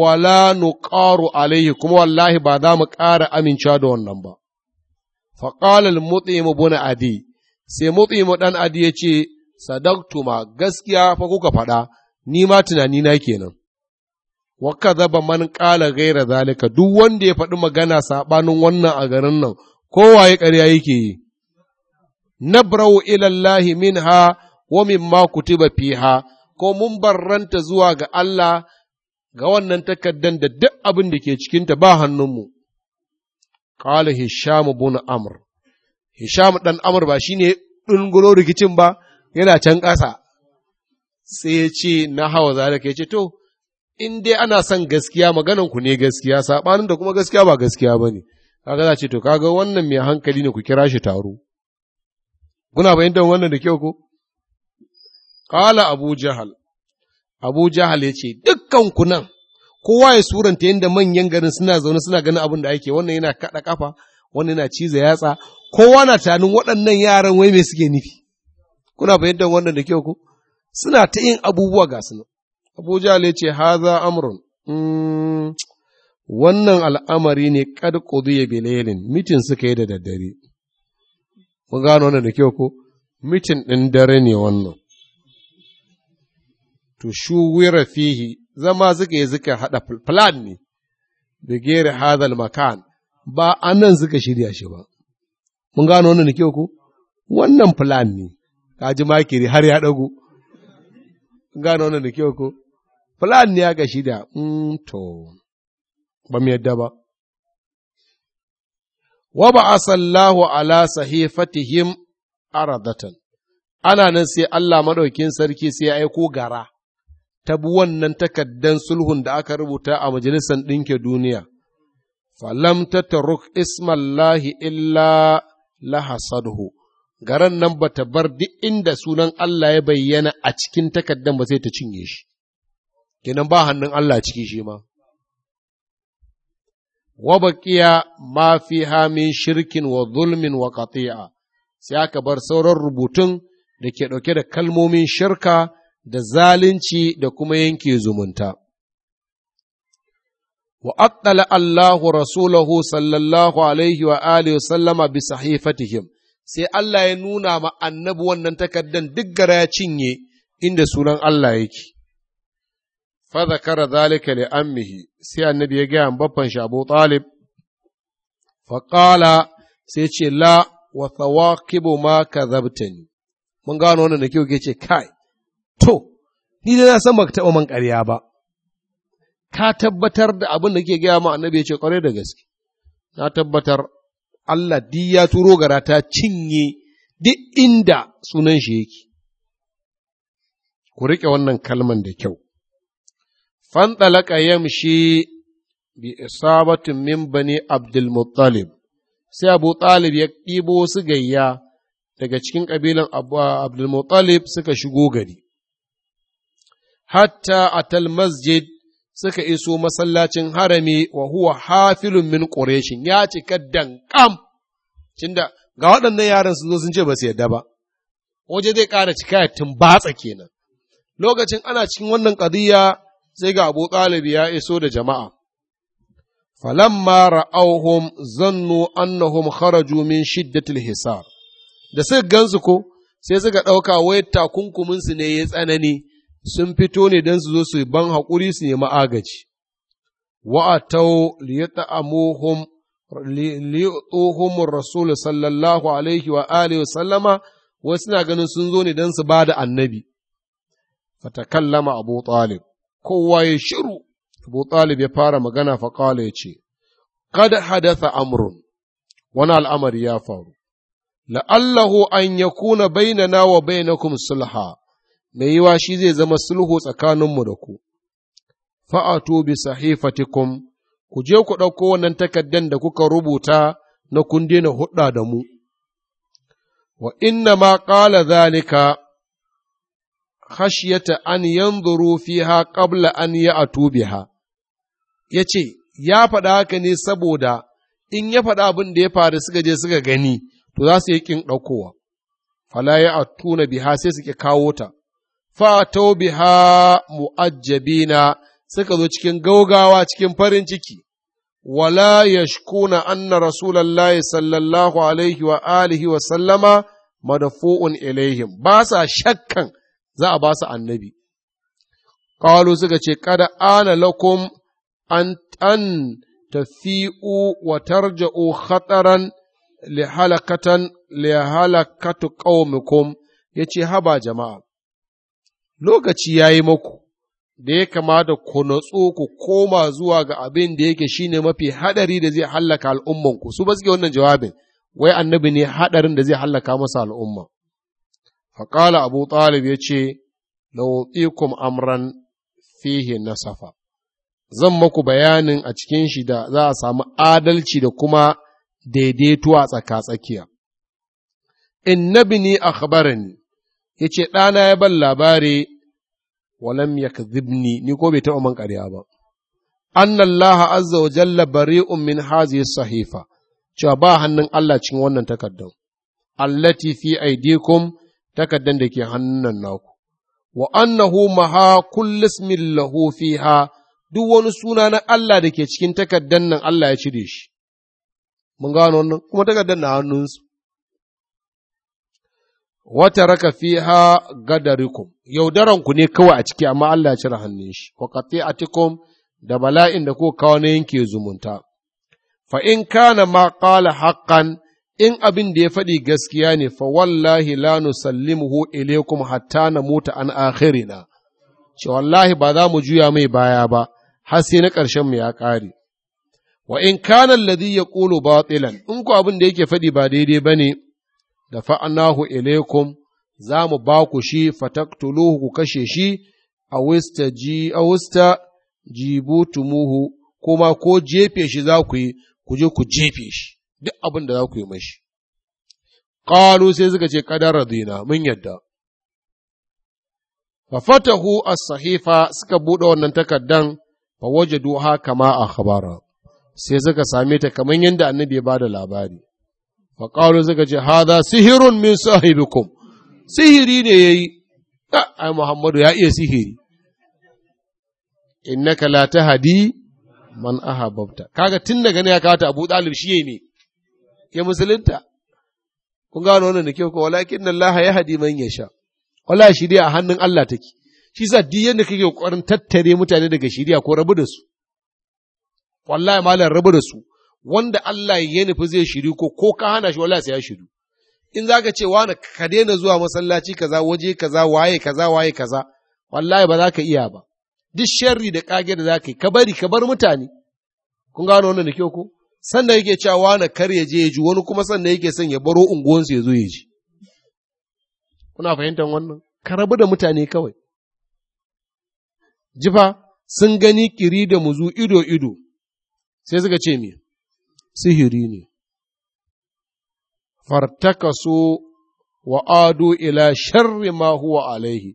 wala nuqaru alaihi kuma wallahi ba za mu ƙara amincewa da wannan ba faƙalar mutsimu buna adi sai mutsimu ɗan adi ya ce sadaktuma gaskiya fa kuka faɗa ni ma tunani na kenan waka zaba man qala gaira zalika duk wanda ya faɗi magana saɓanin wannan a garin nan kowa ya ƙarya yake yi nabrau ila min minha wa mimma kutiba ha ko mun barranta zuwa ga Allah ga wannan takardan da duk abin da ke cikinta ba hannunmu Kala Hisham bin Amr. Hisham Dan Amr ba shi ne ɗungulo rikicin ba yana can ƙasa. Sai ya ce na hawa zalika ya ce to, in dai ana son gaskiya maganan ku ne gaskiya saɓanin da kuma gaskiya ba gaskiya ba ne. Kaga za ce to kaga wannan mai hankali ne ku kira shi taro. Kuna bayyantar wannan da kyau ko? Kala Abu Jahal. Abu Jahal ya ce dukkan ku nan kowa ya suranta yadda manyan garin suna zaune suna ganin abin da ake wannan yana kaɗa kafa wannan yana ciza yatsa kowa na tunanin waɗannan yaran wai me suke nufi kuna fahimtar wannan da kyau ku suna ta yin abubuwa ga su Abu Jahl ya ce haza amrun hmm, wannan al'amari ne kad bi bilailin mitin suka yi da daddare mun gano wannan da kyau ko mitin ɗin dare ne wannan to wira fihi zama suka yi hada haɗa plan ne, da gere hadal makan, ba anan nan suka shirya shi ba. Mun gano wannan ne ku? Wannan plan ne, ka ji makiri har ya ɗagu. Mun gano wannan ne ku? Plan ne aka shirya, mm, to, ba mu yadda ba. Wa ba a sallahu ala sahifatihim aradatan. ana nan sai Allah madaukin sarki sai ya aiko gara, ta bi wannan takaddan sulhun da aka rubuta a majalisar ɗinke duniya. Falam ta taruk ismallahi illa lahasadhu garan nan ba ta bar duk inda sunan Allah ya bayyana a cikin takaddan ba sai ta cinye shi, kinan ba hannun Allah ciki shi ma. Wa baƙiya ma fi hamin shirkin wa zulmin wa qati'a sai aka bar sauran rubutun da ke ɗauke da kalmomin shirka da zalunci da kuma yanke zumunta. Wa attala Allahu Rasulahu sallallahu alaihi wa alihi sallama bi sahifatihim sai Allah ya nuna ma annabi wannan takardan duk gara ya cinye inda sunan Allah yake. Fadakara zalika li ammihi sai annabi ya gaya baffan shi Talib faƙala sai ce la wa thawaqibu ma kadhabtani mun gano wannan da kyau ke ce kai To, ni dai na san baka taɓa man ƙarya ba, ka tabbatar da abin da ke gaya ma annabi ya ce ƙwarai da gaske, na tabbatar Allah di ya turo gara ta cinye duk inda sunan shi yake. Ku riƙe wannan kalman da kyau. Fanɗalaka yamshi bi isabatin min bani Abdulmuttalib, sai Abu Talib ya ɗibo su gayya daga cikin ƙabilan Abdulmuttalib suka shigo gari. hatta atal masjid suka iso masallacin harami wa huwa hafilun min ƙureshin ya cika dankam Tinda ga waɗannan yaran sun zo sun ce ba su yadda ba waje zai ƙara cika ya batsa kenan lokacin ana cikin wannan ƙadiyya sai ga abu ɗalibi ya iso da jama'a falamma ra'auhum zannu annahum kharaju min shiddatil hisar da suka gansu ko sai suka ɗauka wai takunkuminsu ne ya tsanani sun fito ne don su zo su ban haƙuri su nemi agaji. Wa'atau liyata'amuhum liyatsohum Rasul sallallahu alaihi wa sallama wasu suna ganin sun zo ne don su ba da annabi. Fatakallama Abu Talib, kowa ya shiru, Abu Talib ya fara magana faƙala ya ce, Kada hadatha amrun, wani al'amari ya faru, la'allahu an yakuna bainana wa bainakum sulha. mai yiwa shi zai zama sulhu tsakaninmu da ku, fa'ato bi sahifatikum, ku je ku ɗauko wannan takaddan da kuka rubuta na kun na hudda da mu, wa inna ma ƙala zalika khashyata an rufi fiha qabla an a biha yace ya faɗa haka ne saboda in ya faɗa abin da ya faru suka je suka gani to za su yi ƙin ɗaukowa fala tuna biha sai suke kawo ta fatau biha mu'ajjabina suka zo cikin gaugawa cikin farin ciki wala yashkuna anna rasulullahi sallallahu alaihi wa alihi wa sallama madafu'un ilaihim ba sa shakkan za a ba su annabi qalu suka ce kada ana lakum an an tafi'u wa tarja'u khataran li halakatan li halakatu qaumikum yace haba jama'a lokaci ya yi maku, da ya kamata ku natsu ku koma zuwa ga abin da yake shine mafi haɗari da zai hallaka al'ummanku, su ba suke wannan jawabin, wai annabi ne haɗarin da zai hallaka masa al'umma. Faƙala Abu Talib ya ce, kuma amran fihi nasafa, zan maku bayanin a cikin shi da za a samu adalci da kuma daidaituwa tsaka-tsakiya. In nabi ni akhbarani ya ce ɗana ya ban labari walam ya zibni ni ko bai taɓa man ƙarya ba an laha azza wa jalla bari min hazihi sahifa cewa ba hannun Allah cikin wannan takardan allati fi aidikum takardan da ke hannun naku wa annahu maha kullis min lahu fiha duk wani suna na Allah da ke cikin takardan nan Allah ya cire shi mun gano wannan kuma takardan na hannunsu wata raka ha gadarikum yaudaranku ne kawai a ciki amma Allah ya cire hannun shi wa atikum da bala'in da ko kawo na yanke zumunta fa in kana ma qala haqqan in abin da ya faɗi gaskiya ne fa wallahi la nusallimuhu ilaykum hatta mota an akhirina ce wallahi ba za mu juya mai baya ba har sai na ƙarshen mu ya ƙare wa in kana alladhi yaqulu batilan in ku abin da yake faɗi ba daidai bane da fa'anahu ilaikum za mu ba ku shi fataktuluhu ku kashe shi a wista jibutumuhu kuma ko jefe shi za ku yi ku je ku jefe shi duk abin da za ku yi mashi Ƙalu sai suka ce ƙadar radina mun yadda fa fatahu as-sahifa suka buɗe wannan takardan fa wajadu ha kama khabara sai suka same ta kamar yadda annabi ya bada labari faƙalu suka ce hada sihirun min sahibikum sihiri ne ya yi. ai Muhammadu ya iya sihiri In innaka la tahdi man aha babta. kaga tun daga ne ya kawata Abu Talib shi ne. Ke ya musulunta kun gano wannan da kyau ko walakin Allah ya hadi man sha. wala shiriya a hannun Allah take shi sa duk yadda kake kokarin tattare mutane daga shiriya ko rabu da su wallahi malam rabu da su wanda Allah ya nufi zai shiri ko ko ka hana shi wallahi sai ya shiru in zaka ce wani ka daina zuwa masallaci kaza waje kaza waye kaza waye kaza wallahi ba za ka iya ba duk sharri da kage da zaka yi ka bari ka bar mutane kun gano wannan da kyau ko sanda yake cewa wani kar ya je ya ji wani kuma sanda yake son ya baro unguwansu ya zo ya ji kuna fahimtar wannan ka rabu da mutane kawai jifa sun gani kiri da muzu ido ido sai suka ce me sihiri ne fartakasu wa adu ila sharri ma huwa alaihi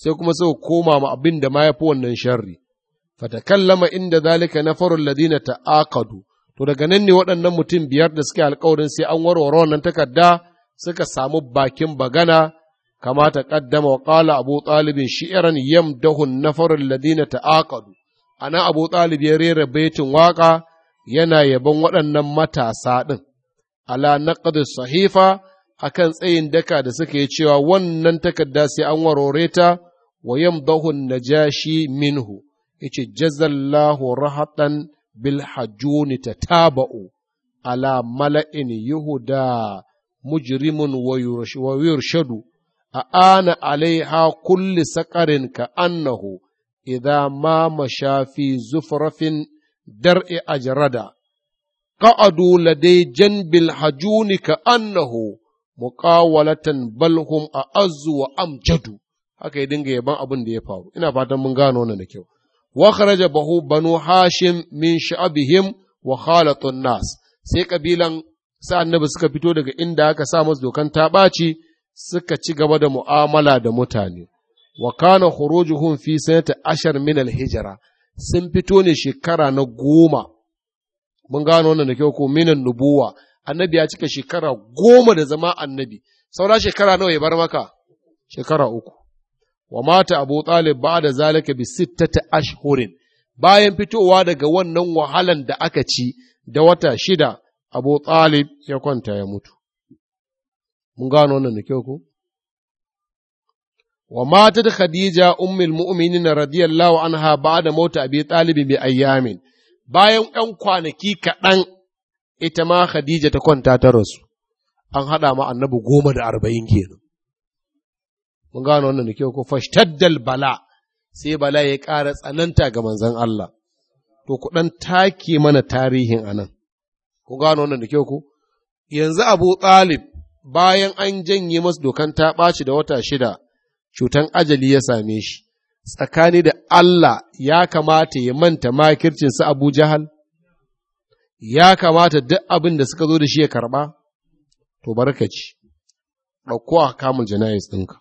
sai kuma sai koma ma abin da ma ya fi wannan sharri fatakallama inda zalika nafarul ladina ta'aqadu to daga nan ne waɗannan mutum biyar da suke alkawarin sai an warware wannan takarda suka samu bakin bagana kama ta kaddama wa qala abu talibin shi'ran yamdahu nafarul ladina ta'aqadu ana abu talib ya rera baitin waka yana yabon waɗannan matasa ɗin, ala naqd sahifa kan tsayin daka da suka yi cewa wannan takarda sai an warware ta wa yamdahu najashi minhu yace jazallahu rahatan bil ta taba'u, ala mala'in yuhuda mujrimun wa yurshadu a ana alaiha kulli sakarin ka annahu ma mashafi zufrafin dar'i ajrada qa'adu ladai janbil hajuni ka annahu muqawalatan bal hum a'azzu wa amjadu haka ya dinga yaban abin da ya faru ina fatan mun gano wannan da kyau wa kharaja bahu banu hashim min sha'abihim wa khalatu nas sai kabilan sa annabi suka fito daga inda aka sa masu dokar ta ɓaci suka ci gaba da mu'amala da mutane wa kana khurujuhum fi sanata ashar min al-hijra sun fito ne shekara na goma mun gano wannan da kyau ko minan nubuwa annabi ya cika shekara goma da zama annabi saura shekara nawa ya bar maka shekara uku wa mata abu talib ba da zalika bi sittata ashhurin bayan fitowa daga wannan wahalan da aka ci da wata shida abu talib ya kwanta ya mutu mun gano wannan da kyau ko wa da khadija ummul mu'minin radiyallahu anha da mota abi talib bi ayyamin bayan 'yan kwanaki kaɗan ita ma khadija ta kwanta ta rasu an haɗa ma annabi goma da arba'in kenan mun gano wannan da kyau ko fashtaddal bala sai bala ya ƙara tsananta ga manzon Allah to ku take mana tarihin anan ku gano wannan da kyau ko yanzu Abu Talib bayan an janye masu dokan ta ɓaci da wata shida cutan ajali ya same shi tsakani da Allah ya kamata ya manta makircinsa Abu Jahal, ya kamata duk abin da suka zo da shi ya karɓa, to barkaci, ɗauko a kamun jana'is ɗinka.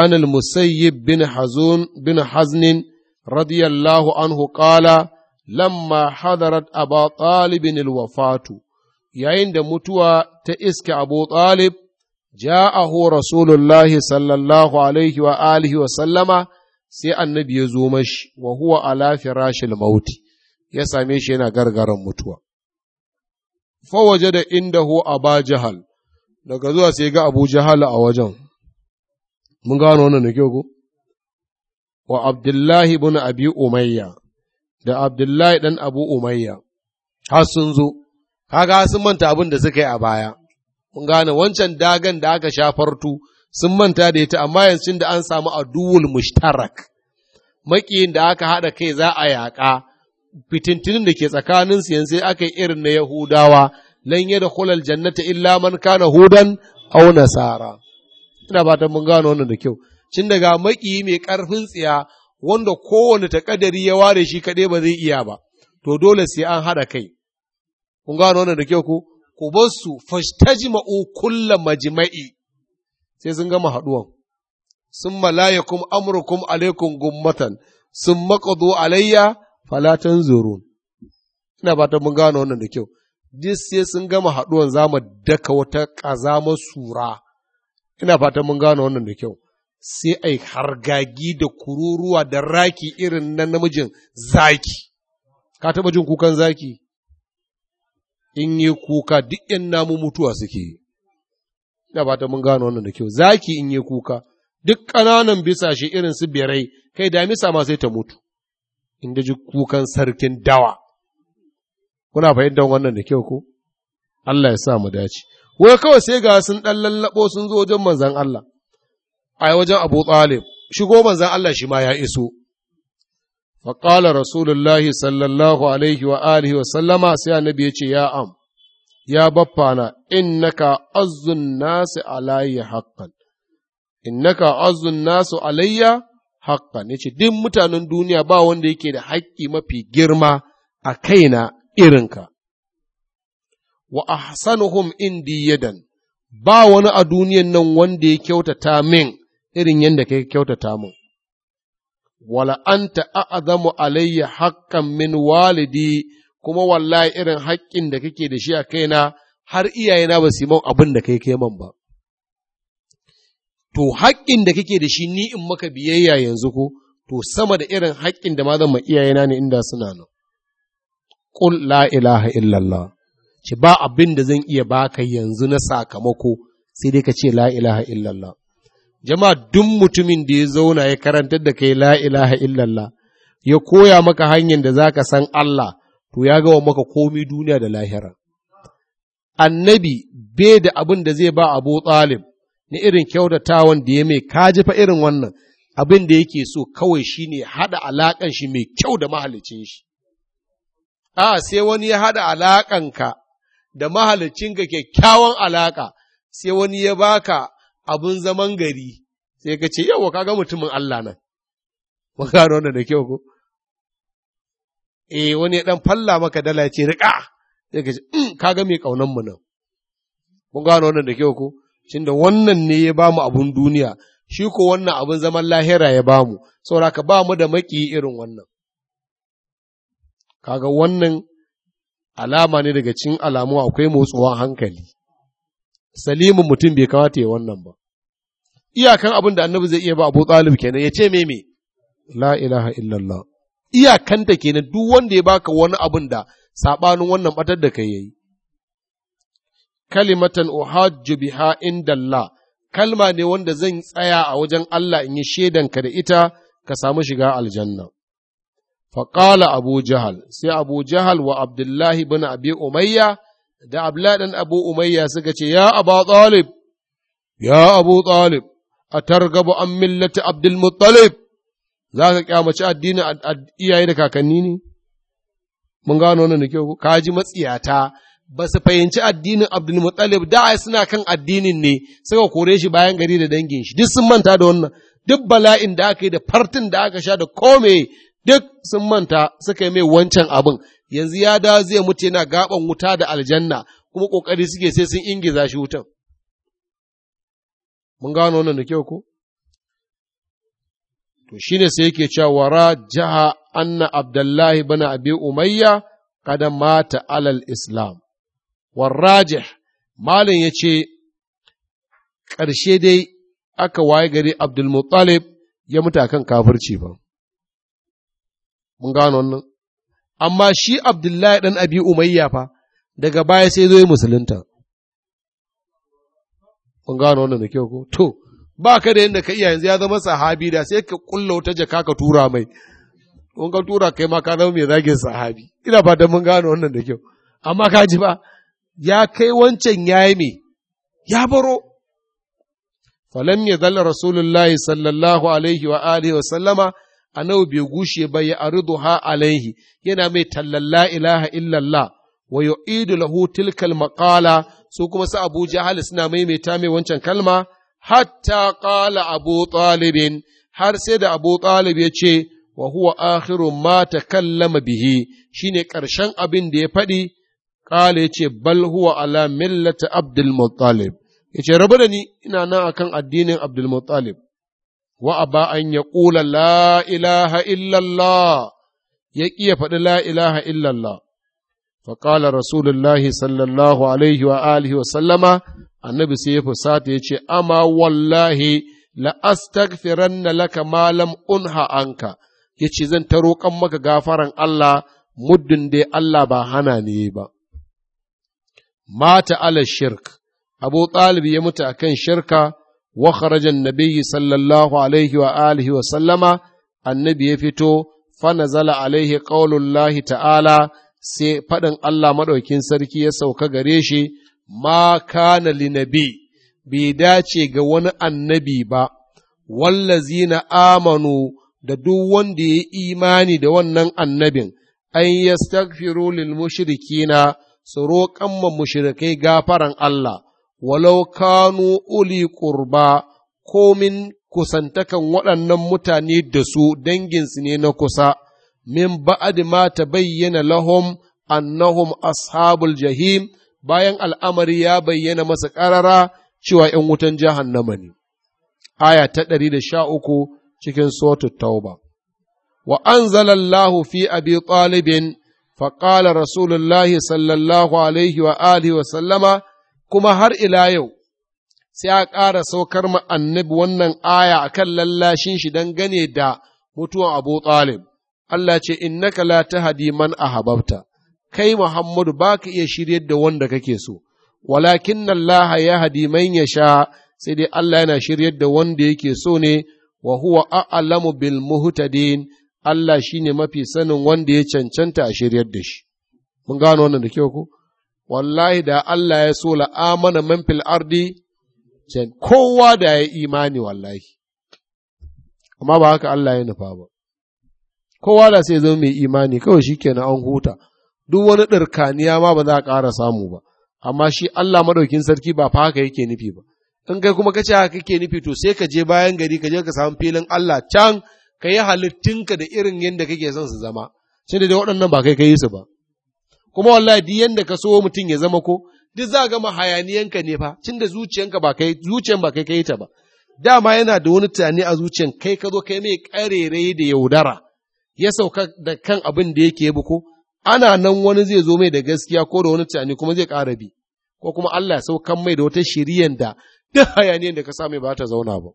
Anil Musayyib bin Hazun bin Haznin radiyallahu anhu ƙala, lamma hadarat Abu Talibin wafatu yayin da mutuwa ta iska Abu Talib جاءه رسول sallallahu alaihi wa alihi wa sallama sai annabi ya zo mashi wa huwa ala firashil mauti ya same shi yana gargaran mutuwa fa waje da indahu aba jahal daga zuwa sai ga abu jahal a wajen mun gano wannan wa abdullahi ibn da abdullahi dan abu umayya har sun zo kaga sun manta abin da suka yi a baya mun gane wancan dagan da aka sha fartu sun manta da ita amma yanzu da an samu aduwul mushtarak makiyin da aka haɗa kai za a yaƙa fitintinin da ke tsakanin su yanzu aka yi irin na yahudawa lan yada khulal jannata illa man kana hudan aw nasara ina fatan mun gane wannan da kyau cin daga makiyi mai karfin tsiya wanda kowane takadari ya ware shi kaɗai ba zai iya ba to dole sai an haɗa kai kun gane wannan da kyau ko ku bar su fashtaji kulla majima'i. sai sun gama haɗuwan sun malayakum amurkum alaikum gummatan sun maƙadu alayya falatan zoro ina fatan mun gano wannan da kyau duk sai sun gama haɗuwan za mu daka wata ƙazama sura ina fatan mun gano wannan da kyau sai ai hargagi da kururuwa da raki irin na namijin zaki ka taɓa jin kukan zaki in yi kuka duk ‘yan namu mutuwa suke yi. Ina fata mun gano wannan da kyau, zaki in yi kuka, duk ƙananan bisashe irin su birai, kai damisa ma sai ta mutu, in da ji kukan sarkin dawa. Kuna fahimtar wannan da kyau ko? Allah ya sa mu dace. Wai kawai sai ga sun ɗan lallaɓo sun zo wajen manzan Allah, a wajen Abu Talib, shigo manzan Allah shi ma ya iso. wa qala sallallahu alaihi wa wa sallama sai annabi ya ce ya am ya baffana innaka azzun nasu alayya haqqan innaka azzun nasu alayya haqqan yace duk mutanen duniya ba wanda yake da haƙƙi mafi girma a kaina irin ka, wa ahsanuhum indi yadan ba wani a duniyan nan wanda ya kyautata min irin yadda kai kyautata min wala anta a'zamu alayya haqqan min walidi kuma wallahi irin haƙƙin da kake da shi a kaina har iyayena ba su abin da kai kai man ba to haƙƙin da kake da shi ni in maka biyayya yanzu ko to sama da irin haƙƙin da ma zan ma iyayena ne inda suna nan qul la ilaha illallah ci ba abin da zan iya baka yanzu na sakamako sai dai ka ce la ilaha illallah jama'a duk mutumin da ya zauna ya karantar da kai la ilaha illallah ya koya maka hanyar da zaka san Allah to ya gawa maka komi duniya da lahira annabi bai da abin da zai ba Abu tsalib ni irin kyautatawan da ya mai kaji fa irin wannan abin da yake so kawai shine haɗa alaƙan shi mai kyau da mahalicin shi a sai wani ya haɗa alaƙanka da ga kyakkyawan alaƙa sai wani ya baka abin zaman gari sai ka ce yawa kaga mutumin Allah nan mun gano wanda da kyau ko eh wani dan falla maka dala ce riƙa sai ka ce in mm, kaga mai kaunan mu nan mun gano wanda da kyau ko shin da wannan ne ya bamu abun duniya shi ko wannan abun zaman lahira ya bamu saboda ka ba mu da maki irin wannan kaga wannan alama ne daga cin alamu akwai motsuwan hankali salimin mutum bai kamata ya wannan ba iyakan abin da annabi zai iya ba abu talib kenan ya ce meme la ilaha illallah iyakanta kenan duk wanda ya baka wani abin da sabanin wannan batar da kai yayi kalimatan uhajju biha indallah kalma ne wanda zan tsaya a wajen Allah in yi shaidan ka da ita ka samu shiga aljanna Faƙala Abu Jahal, sai Abu Jahal wa Abdullahi bin Abi Umayya da abladan ɗan Abu Umayya suka ce, Ya Abu Talib, ya Abu Talib, a targaba an millati Abdul Muttalib, za ka kyamaci addinin iyaye da kakanni ne? Mun gano nan da ka ji matsiyata, ba su fahimci addinin Abdul Muttalib da suna kan addinin ne, suka kore shi bayan gari da dangin shi, duk sun manta da wannan, duk bala'in da aka yi da fartin da aka sha da kome duk sun manta suka yi mai wancan abin yanzu ya da zai mutu yana gaban wuta da aljanna kuma ƙoƙari suke sai sun ingiza shi wutan mun gano wannan da kyau ko to shine sai yake cewa wara jaha anna abdullahi bana abi umayya kada mata alal islam warrajih malin ya ce ƙarshe dai aka waye gari abdulmuttalib ya mutu kafirci ba mun gano wannan amma shi Abdullahi ɗan Abi Umayya fa daga baya sai zo yi musulunta. Kun gano wannan da kyau ko? To, ba ka da yadda ka iya yanzu ya zama sahabi da sai ka kulla wata jaka ka tura mai. Kun ka tura kai ma ka zama mai zagin sahabi. Ina da mun gano wannan da kyau. Amma ka ji ba, ya kai wancan ya yi me, ya baro. Falam ya zalla Rasulullahi sallallahu alaihi wa alihi wa sallama A annabi bai gushe ba ya ha alaihi yana mai tallan la ilaha illallah wa yu'idu lahu tilkal maqala su kuma sa Abu Jahal suna maimaita mai wancan kalma hatta qala Abu Talibin har sai da Abu Talib ya ce wa huwa akhiru ma takallama bihi shine ƙarshen abin da ya faɗi ƙala ya ce bal huwa ala millata Abdul Muttalib ya ce rabu da ni ina nan akan addinin Abdul Muttalib وأبى أن يقول لا إله إلا الله يكي فقل لا إله إلا الله فقال رسول الله صلى الله عليه وآله وسلم النبي سيف ساتي أما والله لأستغفرن لك ما لم أنهى عنك yace zan taro kan maka gafaran Allah muddin dai Allah ba hana ne ba mata ala shirk Abu Talib ya mutu akan shirka wa kharajan nabiyyi sallallahu alaihi wa alihi wa sallama annabi ya fito fa nazala alaihi qaulullahi ta'ala sai faɗin Allah maɗaukin sarki ya sauka gare shi ma kana linabi bai dace ga wani annabi ba wallazina amanu da duk wanda ya imani da wannan annabin an yastaghfiru lil mushrikina su roƙan ma mushrikai gafaran Allah walau kanu uli ƙurba komin kusantakan waɗannan mutane da su su ne na kusa, min ba'ad ma ta bayyana lahum annahum ashabul jahim bayan al'amari ya bayyana masa ƙarara cewa ‘yan wutan jahannama ne. Aya ta ɗari da sha uku cikin Sotu Tauba. Wa an fi abi ɗalibin, faƙala Rasulullahi sallallahu alaihi wa alihi wa sallama, kuma har ila yau sai a ƙara saukar ma wannan aya a kan lallashin shi don gane da mutuwan Abu Allah ce, naka la hadi man hababta, kai Muhammadu ba ka iya shiryar da wanda kake so, walakin laha ya hadi man ya sha, sai dai Allah yana shiryar da wanda yake so ne, wa huwa a'lamu bil muhtadin Allah shi ne mafi sanin wanda ya cancanta a shiryar da shi. Mun gano wannan da kyau ko? wallahi da Allah ya so la amana man fil ardi kowa da ya imani wallahi amma ba haka Allah ya nufa ba kowa da sai zama mai imani kawai shikenan an huta duk wani ɗirkaniya ma ba za a ƙara samu ba amma shi Allah madaukin sarki ba fa haka yake nufi ba in kai kuma kace haka kake nufi to sai ka je bayan gari ka je ka samu filin Allah can ka yi halittinka da irin yadda kake son su zama sai da waɗannan ba kai ka yi su ba kuma wallahi duk yanda ka so mutum ya zama ko duk za gama hayaniyanka ne fa tunda zuciyanka ba kai zuciyan ba kai kai ta ba dama yana da wani tunani a zuciyan kai ka zo kai mai karerai da yaudara ya sauka da kan abin da yake bi ko ana nan wani zai zo mai da gaskiya ko da wani tunani kuma zai ƙara bi ko kuma Allah saukan mai da wata shiriyan da duk hayaniyan da ka sa mai ba ta zauna ba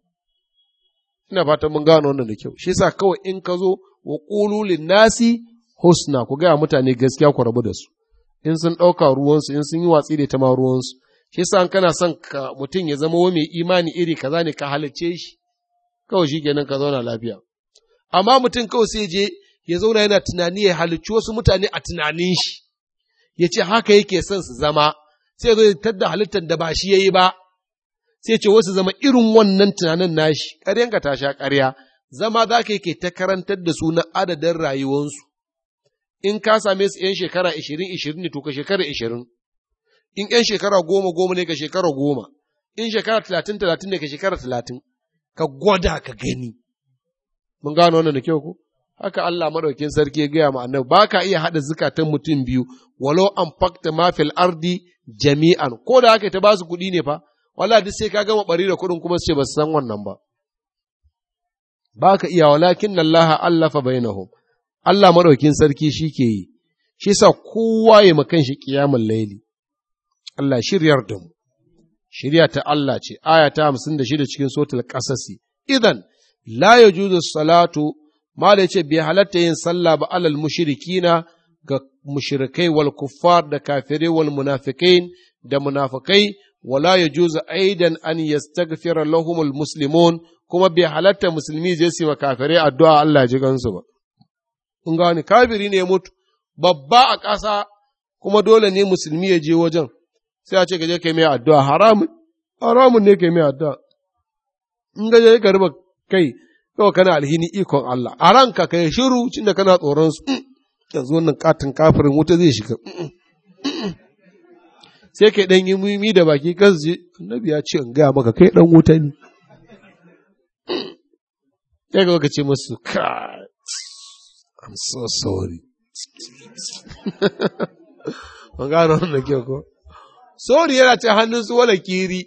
ina fatan mun gano wannan da kyau shi yasa kawai in ka zo wa qulul nasi husna ku gaya mutane gaskiya ku rabu da su in sun ɗauka ruwansu in sun yi watsi da ta ma ruwansu shi sa kana son ka mutum ya zama mai imani iri kaza ne ka halicce shi kawai shi nan ka zauna lafiya amma mutum kawai sai je ya zauna yana tunani ya halicci wasu mutane a tunanin shi ya ce haka yake son su zama sai zo tar da halittar da ba shi ya yi ba sai ce wasu zama irin wannan tunanin nashi ƙaryanka ta sha ƙarya zama za ka yake ta karantar da su na adadin rayuwansu in ka same su ‘yan shekara ishirin ishirin ne to ka shekara ishirin, in ‘yan shekara goma goma ne ka shekara goma, in shekara talatin talatin ne ka shekara talatin, ka gwada ka gani. Mun gano wannan da kyau ku? Haka Allah maɗaukin sarki ya gaya ma annabi ba ka iya haɗa zukatan mutum biyu, walau an fakta mafil ardi jami'an, ko da haka ta ba su kuɗi ne fa, wala duk sai ka gama ɓari da kuɗin kuma su ce ba su san wannan ba. Ba ka iya walakin Allah allafa bainahum. Allah maɗaukin sarki shi ke yi, shi sa kowa ya makan shi ƙiyamun laili. Allah shiryar da mu, shirya ta Allah ce, aya ta hamsin da cikin sotar ƙasasi, idan la ya salatu, mala ce bai halatta yin sallah ba alal mushrikina ga mushrikai wal kuffar da kafire wal munafikai da munafikai wala ya juzu aidan an yastaghfira lahumul muslimun kuma bai halatta musulmi je su wa addu'a Allah ji gansu ba. kun gane kafiri ne ya mutu babba a ƙasa kuma dole ne musulmi ya je wajen sai a ce ka je ka yi mai addu'a haramun haramun ne ka yi mai addu'a in ga je ka riba kai kawai kana alhini ikon Allah a ranka kai shiru cin da kana tsoron su mm, yanzu wannan katin kafirin wuta zai shiga mm, mm, sai ka ɗan yi mimi da baki kan zai annabi ya ce in gaya maka kai ɗan wuta ne sai ka ce masu kai I'm so sorry. <laughs> Mun gano wannan kyau ko? Sorry yana ce hannun su wala kiri,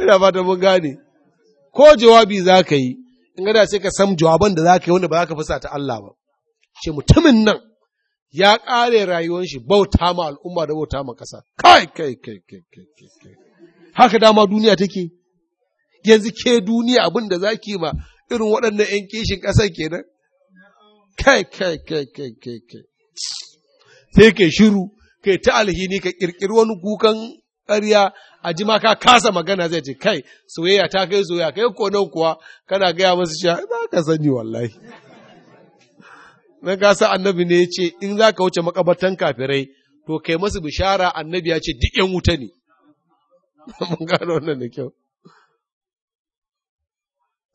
ina fata mun gane. Ko jawabi za ka yi, in gada sai ka san jawaban da za ka yi wanda ba za ka fusa ta Allah ba. Ce mutumin nan ya ƙare rayuwar shi bauta ma al'umma da bauta ma ƙasa. Kai, kai, kai, kai, kai, kai. Haka dama duniya take, yanzu ke duniya abin da za ki ma irin waɗannan ‘yan kishin ƙasar kenan. kai kai kai kai kai kai sai ke shiru kai ta alhini ka kirkiri wani kukan ƙarya a ji ma ka kasa magana zai ce kai soyayya ta kai soyayya kai ko nan kuwa kana gaya masu cewa ba ka sani wallahi nan gasa annabi ne ya ce in za ka wuce makabartan kafirai to kai masu bishara annabi ya ce duk yan wuta ne <laughs> mun gano wannan da kyau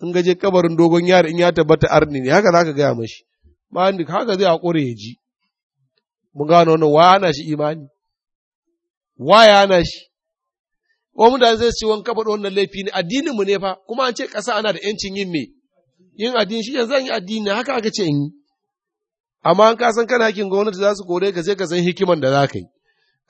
in gaje kabarin dogon yari in ya tabbata arni ne haka za ka gaya mashi bani haka zai haƙura ya ji mun gano wannan wa ana shi imani wa ya ana shi ko mutane zai ce wani kafa wannan laifi ne addinin mu ne fa kuma an ce ƙasa ana da yancin yin me yin addini shi zan yi addini haka aka ce in yi amma an ka san kana hakin gwamnati za su kore ka sai ka san hikiman da za ka yi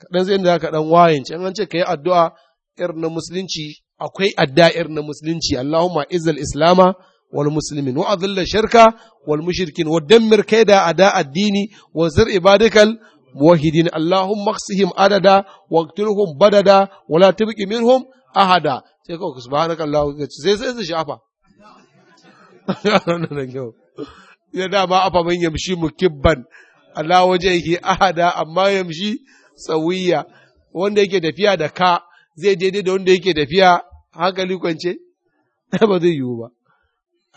kaɗan zai da ka ɗan wayance an ce ka yi addu'a irin na musulunci akwai adda irin na musulunci Allahumma izal islama wal muslimin wa adilla shirka wal mushrikin wa dammir kaida ada addini wa zir ibadikal muwahhidin allahumma khsihim adada wa badada wa la tubqi minhum ahada sai ka subhanaka allah sai sai su shafa ya dama afa ahada amma yamshi tsawiya wanda yake tafiya da ka zai daidai da wanda yake tafiya hankali kwance <laughs> ba zai yiwu ba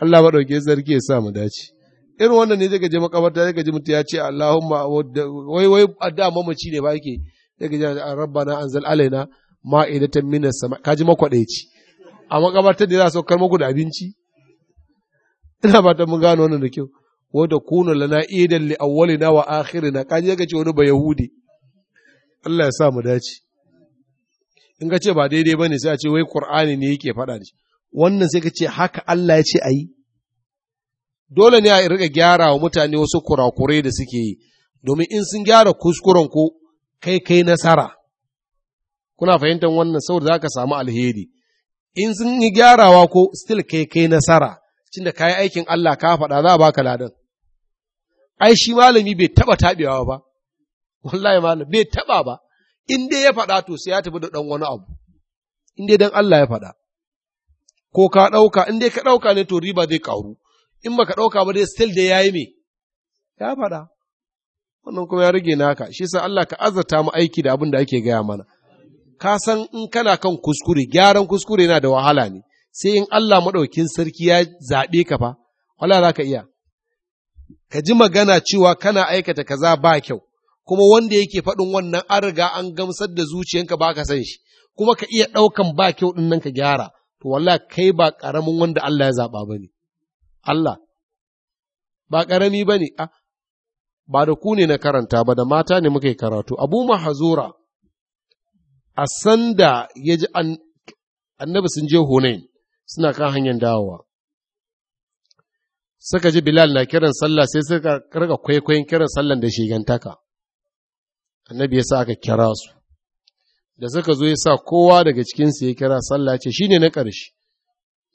Allah ba ɗauke zargi ya sa mu dace irin wannan ne daga je makabarta daga gaji mutu ya ce Allahumma wai wai addu'a mamaci ne ba yake daga ji rabbana anzal alaina ma'idatan mina sama kaji makwadaici a makabartar da za a saukar muku da abinci ina fatan mun gano wannan da kyau wanda kuna lana idan li awwalina wa akhirina kaji daga ce wani ba yahudi Allah ya sa mu dace in ka ce ba daidai bane sai a ce wai qur'ani ne yake faɗa da shi wannan sai ka ce haka Allah ya ce a yi dole ne a riƙa gyara wa mutane wasu kurakurai da suke yi domin in sun gyara kuskuren ko kai kai nasara kuna fahimtar wannan sau da za ka samu alheri in sun yi gyarawa ko still kai kai nasara cinda ka yi aikin Allah ka faɗa za a baka ladan ai shi malami bai taɓa taɓewa ba wallahi malam bai taɓa ba in dai ya faɗa to sai ya tafi da ɗan wani abu in dai dan Allah ya faɗa ko ka ɗauka, in dai ka ɗauka ne to riba zai ƙaru, in ba ka ɗauka ba dai still dai ya yi me, ya faɗa. Wannan kuma ya rage naka, shi sa Allah ka azata mu aiki da abin da ake gaya mana. Ka san in kana kan kuskure, gyaran kuskure yana da wahala ne, sai in Allah maɗaukin sarki ya zaɓe ka fa, wala za ka iya. Ka ji magana cewa kana aikata kaza ba kyau, kuma wanda yake faɗin wannan an riga an gamsar da zuciyanka ba ka san shi, kuma ka iya ɗaukan ba kyau ɗin nan ka gyara. to wallahi kai ba ƙaramin wanda Allah ya zaɓa ba Allah, ba ƙarami ba ne, ah, ba da ku ne na karanta ba da mata ne muka karatu, abu mahazura, a sanda ya ji annabi sun je Hunain suna kan hanyar dawowa. Suka ji Bilal na kiran sallah sai suka karga kwaikwayon kiran sallan da shigantaka, annabi ya sa aka kira su. da suka zo ya sa kowa daga cikinsu ya kira sallah ce shi ne na ƙarshe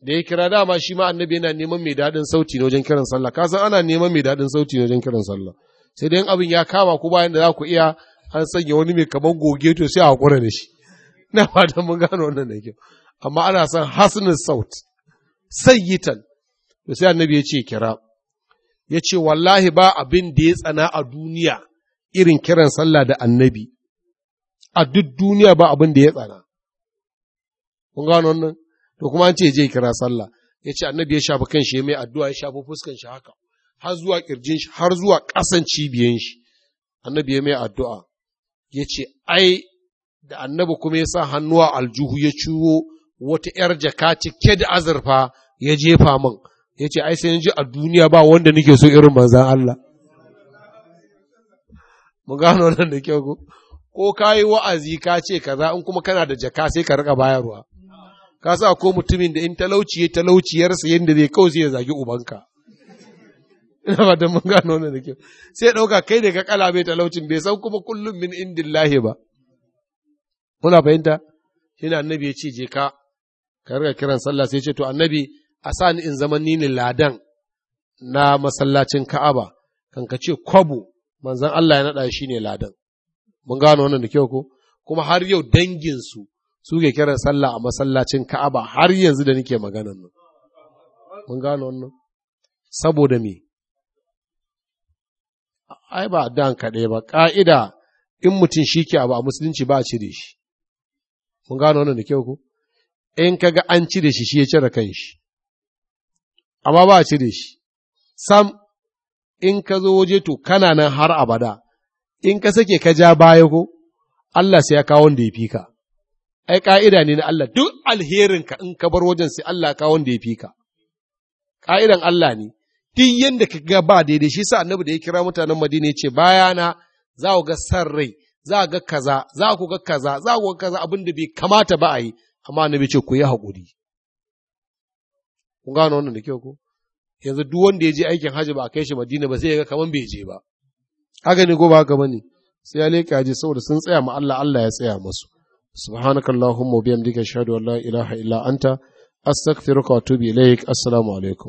da ya kira dama shi ma annabi yana neman mai daɗin sauti ne wajen kiran sallah ka san ana neman mai daɗin sauti ne wajen kiran sallah sai dai abin ya kama ku bayan da za ku iya an sanya wani mai kamar goge to sai a hakura da shi na fatan mun gano wannan da kyau amma ana son hasnin saut sayyitan to sai annabi ya ce kira ya ce wallahi ba abin da ya tsana a duniya irin kiran sallah da annabi a duk duniya ba abin da ya tsana kun gano wannan to kuma an ce je kira sallah ya ce annabi ya shafa kan shi mai addu'a ya shafa fuskan shi haka har zuwa kirjin shi har zuwa ƙasan cibiyan shi annabi ya mai addu'a ya ce ai da annabi kuma ya sa hannuwa aljuhu ya ciwo wata ‘yar jaka cike da azurfa ya jefa min ya ce ai sai ji a duniya ba wanda nake so irin manzan Allah. Mun gano nan da kyau ko? ko ka yi wa'azi ka ce kaza in kuma kana da jaka sai ka riƙa bayarwa ka sa ko mutumin da in talauci ya talauciyarsa yadda zai kawai zai zagi ubanka ina ba don mun gano wannan da kyau sai ɗauka kai da ka kala bai talaucin bai san kuma kullum min indillahi ba Muna fahimta shine annabi ya ce je ka ka riga kiran sallah sai ce to annabi a sa ni in zama ni ne ladan na masallacin Ka'aba kan ka ce kwabo manzon Allah ya naɗa shi ne ladan mun gano wannan da kyau ko kuma har yau danginsu su ke kiran sallah a masallacin Ka'aba har yanzu da nake maganan nan mun gano wannan saboda me ai ba dan kaɗai ba ƙa'ida in mutum shi ke abu a musulunci ba a cire shi mun gano wannan da kyau ko in kaga an cire shi shi ya cire shi amma ba a cire shi sam in ka zo waje to kana nan har abada in ka sake ka ja baya ko, Allah sai ya kawo wanda ya fi ka. Ai, ƙa'ida ne na Allah, duk alherinka in ka bar wajen sai Allah kawo wanda ya fi ka. Ƙa'idan Allah ne, duk yadda ka ga ba daidai shi sa annabi da ya kira mutanen Madina ya ce, bayana za ku ga san rai, za ga kaza, za ku ga kaza, za ku ga kaza abin da bai kamata ba a yi, amma annabi ce ku yi haƙuri. Kun gano wannan da kyau ko? Yanzu duk wanda ya je aikin hajji ba a kai shi Madina ba sai ya ga kamar bai je ba. haka ne ko ba haka bane sai ya leka je saboda sun tsaya ma Allah Allah ya tsaya musu subhanakallahumma wa bihamdika ashhadu an la ilaha illa anta astaghfiruka wa atubu ilaik assalamu alaikum